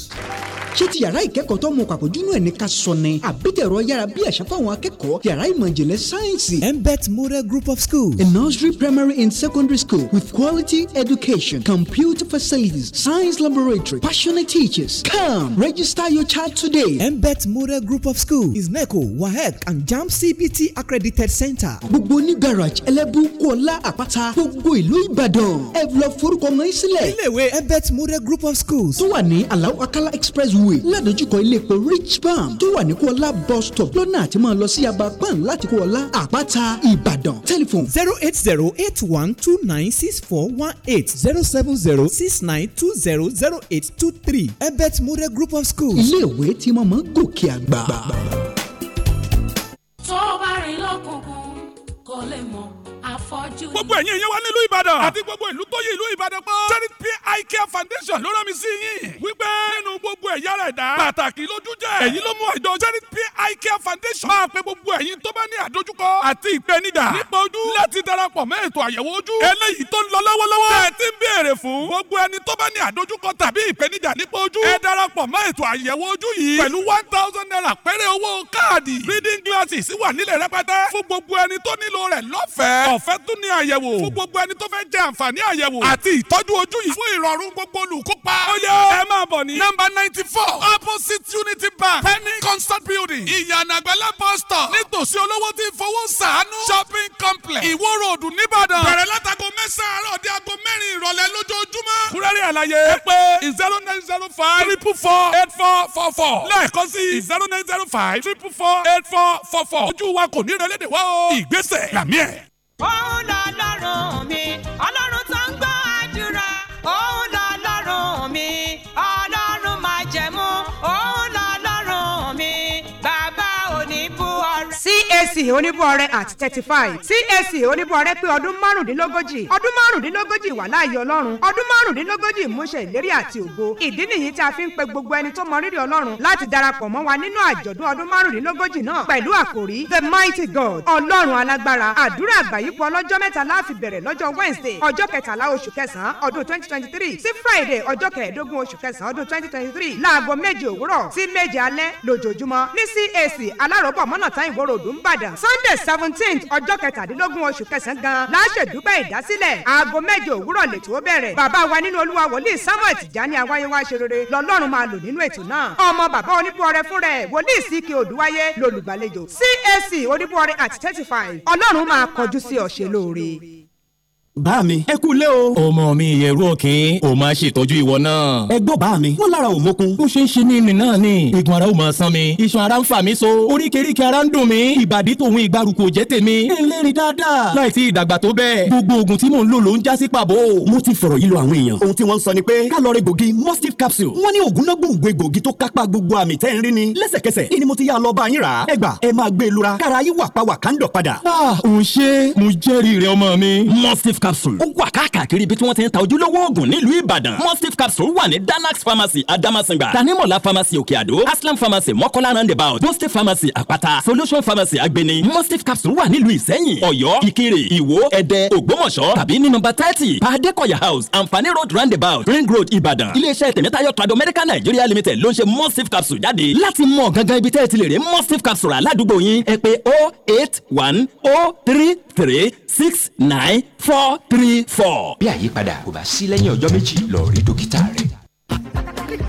ṣé ti yàrá ìkẹ́kọ̀ọ́ tó mọ pàpọ̀jùnú ẹ̀ ní ká sọ ni àbí tẹ̀rọ yára bí àṣà fáwọn akẹ́kọ̀ọ́ yàrá ìmọ̀ ìjìnlẹ̀ sáyẹ́nsì. mbet model group of schools a nursery primary and secondary school with quality education computer facilities science laboratory passionate teachers come register your child today. mbet model group of schools is neco waec and Jam cbt accredited center. gbogbo ní garage ẹlẹ́bù kọ́lá àpáta gbogbo ìlú ìbàdàn ẹ lọ forúkọ mọ́ sílẹ̀. iléèwé mbet model group of schools tó wà ní alau akala express highway ládojúkọ ilé epo rich palm tó wà ní kọ́lá bus stop lọ́nà àti máa lọ sí abapan láti kọ́lá àpáta ìbàdàn tẹlifon. zero eight zero eight one two nine six four one eight zero seven zero six nine two zero zero eight two three ebet mure group of schools. ilé ìwé tí mo mọ̀ gòkè àgbà. tó bá rìn lọ́kùnkùn kò lè mọ̀ àfọ́jú. gbogbo ẹ̀yin ìyẹn wá nílùú ìbàdàn àti gbogbo ìlú tó yí ìlú ìbàdàn pọ̀. charity pay care foundation ló rán mi sí yín wípé gbogbo ẹ̀yà ara ẹ̀dá. pàtàkì lójú jẹ́. èyí ló mú àjọ charity pi care foundation. máa pe gbogbo ẹ̀yin tó bá ní àdójúkọ àti ìpèníjà. nípa ojú láti darapọ̀ mẹ́ ètò àyẹ̀wò ojú. eléyìí tó ń lọ lọ́wọ́lọ́wọ́. tẹ́ ẹ ti ń béèrè fún. gbogbo ẹni tó bá ní àdójúkọ tàbí ìpèníjà nípa ojú. ẹ darapọ̀ mẹ́ ètò àyẹ̀wò ojú yìí. pẹ̀lú one thousand naira péré owó káàdì. reading glasses wà nílẹ̀ rẹpẹtẹ. fún gbogbo ẹni tó nílò rẹ̀ lọ́fẹ̀ẹ́. ọ̀fẹ́ tún ní àyẹ̀wò. fún gbogbo ẹni tó fẹ́ jẹ àǹfààní àyẹ̀wò. àti ìtọ́jú ojú yìí. fún nine twenty four opposite unity bank penny constant building ìyànàgbẹ́lẹ̀ bus stop nítòsí olówó tí fowó ṣàánú shopping complex ìwó ròdù nìbàdàn bẹ̀rẹ̀ látago mẹ́sàn-án àárọ̀ di aago mẹ́rin ìrọ̀lẹ́ lójoojúmọ́. kúrẹ́rì àlàyé ẹ pé zero nine zero five triple four eight four four four lẹ́ẹ̀kan sí zero nine zero five triple four eight four four four ojú wa kò ní ìrẹ́lẹ́dẹ̀ wá o ìgbésẹ̀ làmí ẹ̀. ó lọ lọ́rùn mi ọlọ́run E oníbọ̀ọ́rẹ́ at thirty five CAC e oníbọ̀ọ́rẹ́ pé ọdún márùndínlógójì ọdún márùndínlógójì wà láàyè ọlọ́run ọdún márùndínlógójì ìmúṣẹ ìlérí àti ògo ìdí nìyí tí a fi ń pe gbogbo ẹni tó mọ rírì ọlọ́run láti darapọ̀ mọ́ wa nínú àjọ̀dún ọdún márùndínlógójì náà pẹ̀lú àkòrí the mighty god ọlọ́run alágbára àdúrà àgbáyípo ọlọ́jọ́ mẹ́ta la fi bẹ̀rẹ̀ lọ́jọ́ wednesday ọjọ́ kẹtàlá oṣù kẹsàn-án ọdún twenty twenty three sí friday ọjọ́ kẹẹ̀ẹ́dógún oṣù kẹsàn-án ọdún twenty twenty three láago méje òwúrọ̀ sí méje alẹ́ lójoojúmọ́ ní CAC e aláròbọ̀ mọ́nà táyìnbó ròdù ń bàdàn sunday seventeenth, ọjọ́ kẹtàdínlógún oṣù kẹsàn-án gan la ṣèdúpẹ́ ìdásílẹ̀ aago mẹ́jọ òwúrọ̀ lẹ́tọ́ bẹ̀rẹ̀ bàbá wa nínú olúwa wòlíì samuel tìjání awáyé wá ṣe rere lọ́lọ́run máa lò nínú ètò náà ọmọ bàbá oníbuọrẹ fún rẹ̀ wòlíì síkì olúwayé lolùgbàlejò cac oníbuọrẹ àti thirty five ọlọ́run máa kọjú sí ọ̀ṣẹ́ lóore bá mi. ẹ kú lé o. ọmọ mi ìyẹ̀rú ọ̀kín ò máa ṣètọ́jú ìwọ náà. ẹ gbọ́ bá mi. wọ́n lára ò mókun. ó ṣe ń ṣe ní ìrìn náà ni. igun ara ò máa san mi. iṣan ara ń fà mí so. oríkèéríkè ara ń dùn mí. ìbàdí tòun ìgbàrúkù ò jẹ́ tèmi. ẹlẹ́rìí dáadáa. láì sí ìdàgbà tó bẹ́ẹ̀. gbogbo oògùn tí mò ń lò ló ń já sí pàbó. mo ti fọ̀rọ̀ yí lọ àwọn èèyàn. ohun tí wọ́n sọ ni pé kálọ̀rì gbòógì mustif capsule. wọ́n ní oògùn náà gbòǹgbò egbòogi tó kápá gbogbo àmì tẹ́ ń rí ni. lẹ́sẹ̀kẹsẹ̀ ni mo ti yá lọ bá yín rà ẹ gbà ẹ máa gbé e lura. kára yín wà pa wà ká ń dọ̀ padà. ah òun ṣe mo jẹ́rìí rẹ ọmọ mi. mustif capsule ó wà káàkiri ibi tí wọ́n ti ń ta ojúlówó oògùn nílùú Ìbàdàn mustif capsule wà ní Danax pharmacy Adamasingba Tanimola pharmacy Òkè Àdó Aslam pharmacy Mọ́kọ́lá roundabout mustif pharmacy Àpáta solution pharmacy Agbeni mustif capsule wà nílùú Ìsẹ́yìn Ọ̀yọ́ Ìkirè Ìwó Ẹdẹ Ògbómọ̀ṣọ́ tàbí ní nọ́mbà thirty Pàdékọ̀yà house Anfani road roundabout ring road Ìbàdàn iléeṣẹ́ tèmítayọ̀ trado medical Nigeria limited ló ń ṣe capsule jáde láti mọ̀ gangan ti lè rí capsule aládùúgbò yín ẹ pé oh eight one oh three three six nine four three four. bí àyípadà kò bá sí lẹ́yìn ọjọ́ méjì lọ rí dókítà rẹ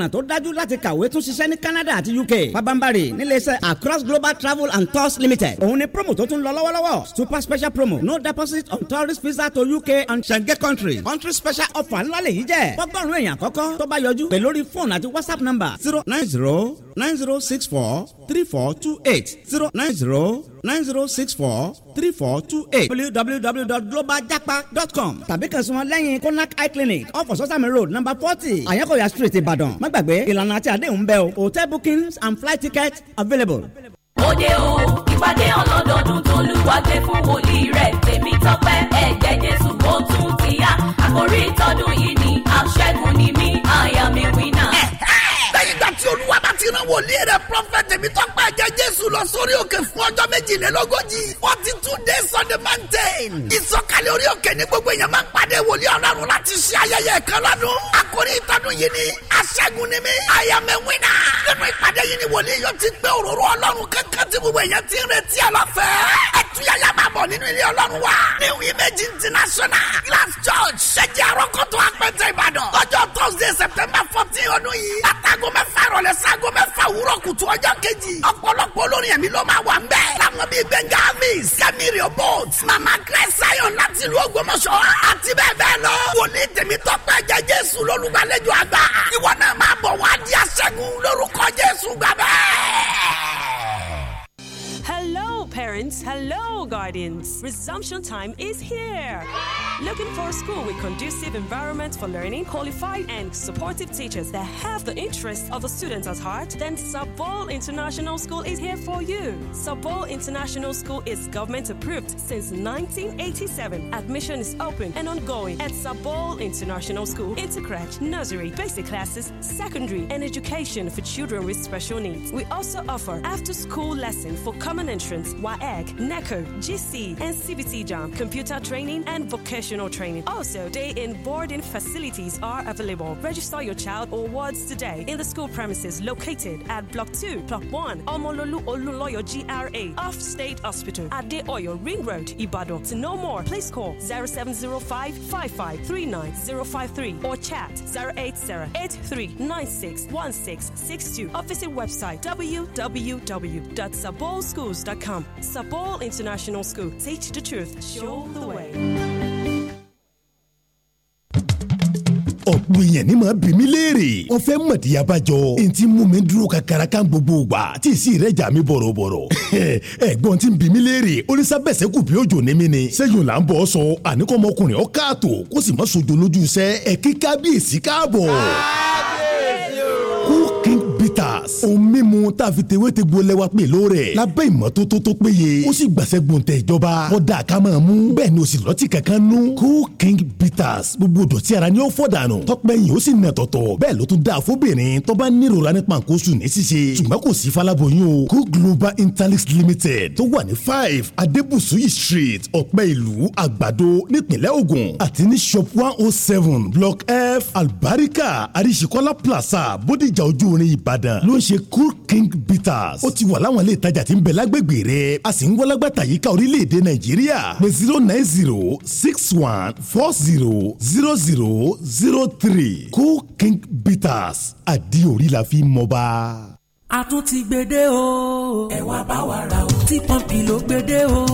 ọ̀nà tó dájú láti kàwé tún ṣiṣẹ́ ní Canada àti UK pabambari níléeṣẹ́ Across Global Travel and Tours Limited òun ni promo tó tún lọ lọ́wọ́lọ́wọ́ super special promo no deposit on tourist visa to UK and Schengen country. country special offer ńlá lèyí jẹ́ fọ́gbọ́n ọ̀run èèyàn kọ́kọ́ tó bá yọjú pè lórí fóònù àti WhatsApp number zero nine zero nine zero six four three four two eight zero nine zero nine zero six four three four two eight www.globaljapa.com tàbí kàn sí wọn lẹ́yìn konak eye clinic off ososami road number forty Àyànkòyà street Ìbàdàn má gbàgbé ìlànà àti àdéhùn ń bẹ o hotel bookings and flight tickets available. òde o ìpàdé ọlọ́dọọdún tó lù wá gbé fún wòlíì rẹ̀ tèmi tọpẹ́ ẹ̀jẹ̀ jésù ó tún ti yá àkórí ìtọ́dún yìí ni àṣẹ́gun ni mi. rán wòlíì rẹ̀ prophet Tèmítọ́pẹ́ ẹ̀jẹ̀ Jésù lọ sórí òkè fún ọjọ́ méjìlélógójì forty two days on the mountain. Ìsọ̀kalẹ̀ orí òkè ní gbogbo èèyàn máa ń pàdé wòlíì Ọlọ́run láti ṣe ayẹyẹ kan lọ́dún. Àkòrí ìtọ́dún yìí ni aṣẹ́gun ni mí. I am a winner. Nínú ìpàdé yìí ni wòlíì yóò ti gbé òróró Ọlọ́run kankan tí gbogbo èèyàn ti ń retí ẹ̀ lọ́fẹ̀ẹ́. Ẹ̀túyàyà máa bọ̀ nínú ilé Ọlọ́run wa. New Image International Glass Church ṣẹ̀jẹ̀ àrọ́kọ́tọ̀ àpẹtẹ Ìbàdàn. Ọjọ́ Thursday September fourteen ọdún yìí. Àtàgọ́ mẹ́fà ìrọ̀lẹ́ sáàgọ́ mẹ́ mẹ́fà wúrọ̀ kùtù ọjọ́ kejì ọ̀pọ̀lọpọ̀ olórin ẹ̀mí ló máa wà ń bẹ̀. làwọn bíi gbẹ̀ngà kẹ́mìrì obot mama kẹsàyàn láti ìlú Ògbómọ̀ṣọ́ àti bẹ́ẹ̀ bẹ́ẹ̀ lọ. wòlíì tèmi tọ́pẹ́ jẹ Jésù lólùgbàlejò àgbà ìwọ náà máa bọ̀ wá di aṣẹ́gun lórúkọ Jésù gbàgbẹ́. Parents, hello, guardians! Resumption time is here! Looking for a school with conducive environment for learning, qualified and supportive teachers that have the interests of the students at heart? Then Sabol International School is here for you. Sabol International School is government approved since 1987. Admission is open and ongoing at Sabol International School. Intercratch, nursery, basic classes, secondary, and education for children with special needs. We also offer after-school lesson for common entrance, YS Tech, NECO, GC, and CBT Jam, computer training and vocational training. Also, day in boarding facilities are available. Register your child or wards today in the school premises located at Block 2, Block 1, Omololu Oluloyo GRA, Off State Hospital, at De Oyo Ring Road, Ibadan. To know more, please call 0705 5539053 or chat 080 or visit website www.sabolschools.com. at Ball International School. Teach the truth, show the way. ọ̀pọ̀ èèyàn ní máa bí mi léèrè. wọ́n fẹ́ mọ̀dí abájọ. n ti mú mi dúró ka karaka gbogbo gbà tí ìsì rẹ̀ jà mí bọ̀rọ̀bọ̀rọ̀. ẹ̀gbọ́n ti bí mi léèrè onísàbẹ̀sẹ̀ kù bí òjò ní mi ni. sẹ́yìn là ń bọ̀ sọ àníkọ́ ọmọkùnrin ọ káàtó kó sì má sojo lójú sẹ́ ẹ̀ kí kábíyèsí káàbọ̀. kábíyèsí o. kú kí bitters. omi mímu tá a fi tewé te gbolẹ̀ wa pè lóore lábẹ́ ìmọ́tótó tó péye ó sì gbàsẹ́ gbòǹtẹ̀ ìjọba kọ́dà ká máa mú bẹ́ẹ̀ ni o sì lọ́tì kankan nú cool king bitters gbogbo dọ̀tí ara ni ó fọ̀ dànù tọpẹ́ yìí ó sì nà tọ̀tọ̀ bẹ́ẹ̀ ló tún dáa fóbìnrin tó bá nírora ní pàǹkóṣù ní ṣíṣe ṣùgbọ́n kò sí falaboyún o cool global interlix limited tó wà ní five adébùsúyì street ọ̀pẹ́ ìlú àgbàdo nípìnlẹ̀ Ògùn àti ní shop one oh seven block f albarika àríṣekọ́lá plaza bódìjà ojú orin Ìbàdàn ló ń ṣe cool King Bitters. Ó ti wà láwọn ilé ìtajà tí ń bẹ lágbègbè rẹ̀. A sì ń wọ́lágbàtà yíká orílẹ̀-èdè Nàìjíríà. Pé zero nine zero six one four zero zero zero zero three Cool King Bitters. Àdí orí la fi mọba. A tún ti gbede o. Ẹ wá bá wa ra o. Tí pọ́ǹpì ló gbede o.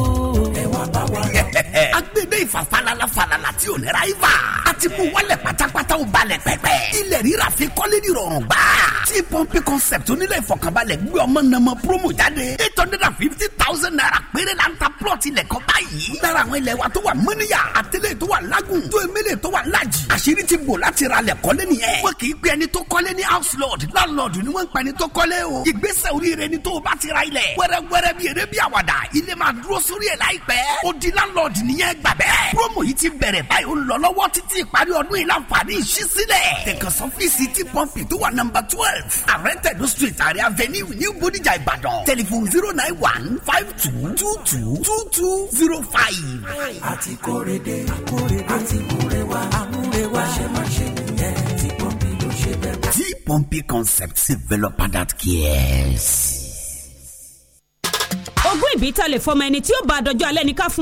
Ẹ wá bá wa ra o. ilé ìfàfàlàlà falala tí ò nira ibà. a ti mú wálẹ̀ pátápátá ó balẹ̀ pẹ́pẹ́. ilẹ̀ rírà fi kọ́lé ní rọrùn gbà. tí pọ́ńpì concept onílẹ̀ ìfọ̀kànbalẹ̀ gbé ọmọ nàmọ promo jáde. eight hundred and fifty thousand naira péré la ń ta plot ilẹ̀ kan báyìí. lára àwọn ilẹ̀ wa tó wà mọ́níyà àtẹlẹ́ tó wà lágùn tó emele tó wà lájì. àṣírí ti bò láti ra lẹ̀ kọ́lé nìyẹn. wọ́n kì í pe house lord landlord ni wọ́n ń pa o. ìgbésẹ̀ oríire ni tó o bá ti ra ilẹ̀. wẹ́rẹ́wẹ́rẹ́ bí eré bí àwàdà ilé landlord nìyẹn gbàbẹ́ bẹ́ẹ̀. promo yìí ti bẹ̀rẹ̀ báyìí ó lọ lọ́wọ́ títí ìparí ọdún yìí láǹfààní ìṣí sílẹ̀. tẹ̀kọ̀sán fíìsì tí pọ́ǹpì tó wà nọ́mbà twelve arẹ́tẹ̀dù street àrẹ avenue new bodijà ìbàdàn tẹlifon zero nine one five two two two two two zero five. àti kórede àkórede àti múrewa àmúrewa àṣemáṣe nìyẹn tí pọ́ǹpì ló ṣe bẹ́ẹ̀. tí pọ́ǹpì concept developer that cares. ogún ìbítalẹ̀ fọmọ ẹni tí ó bá àdọ́jọ́ alẹ́ ní ká fún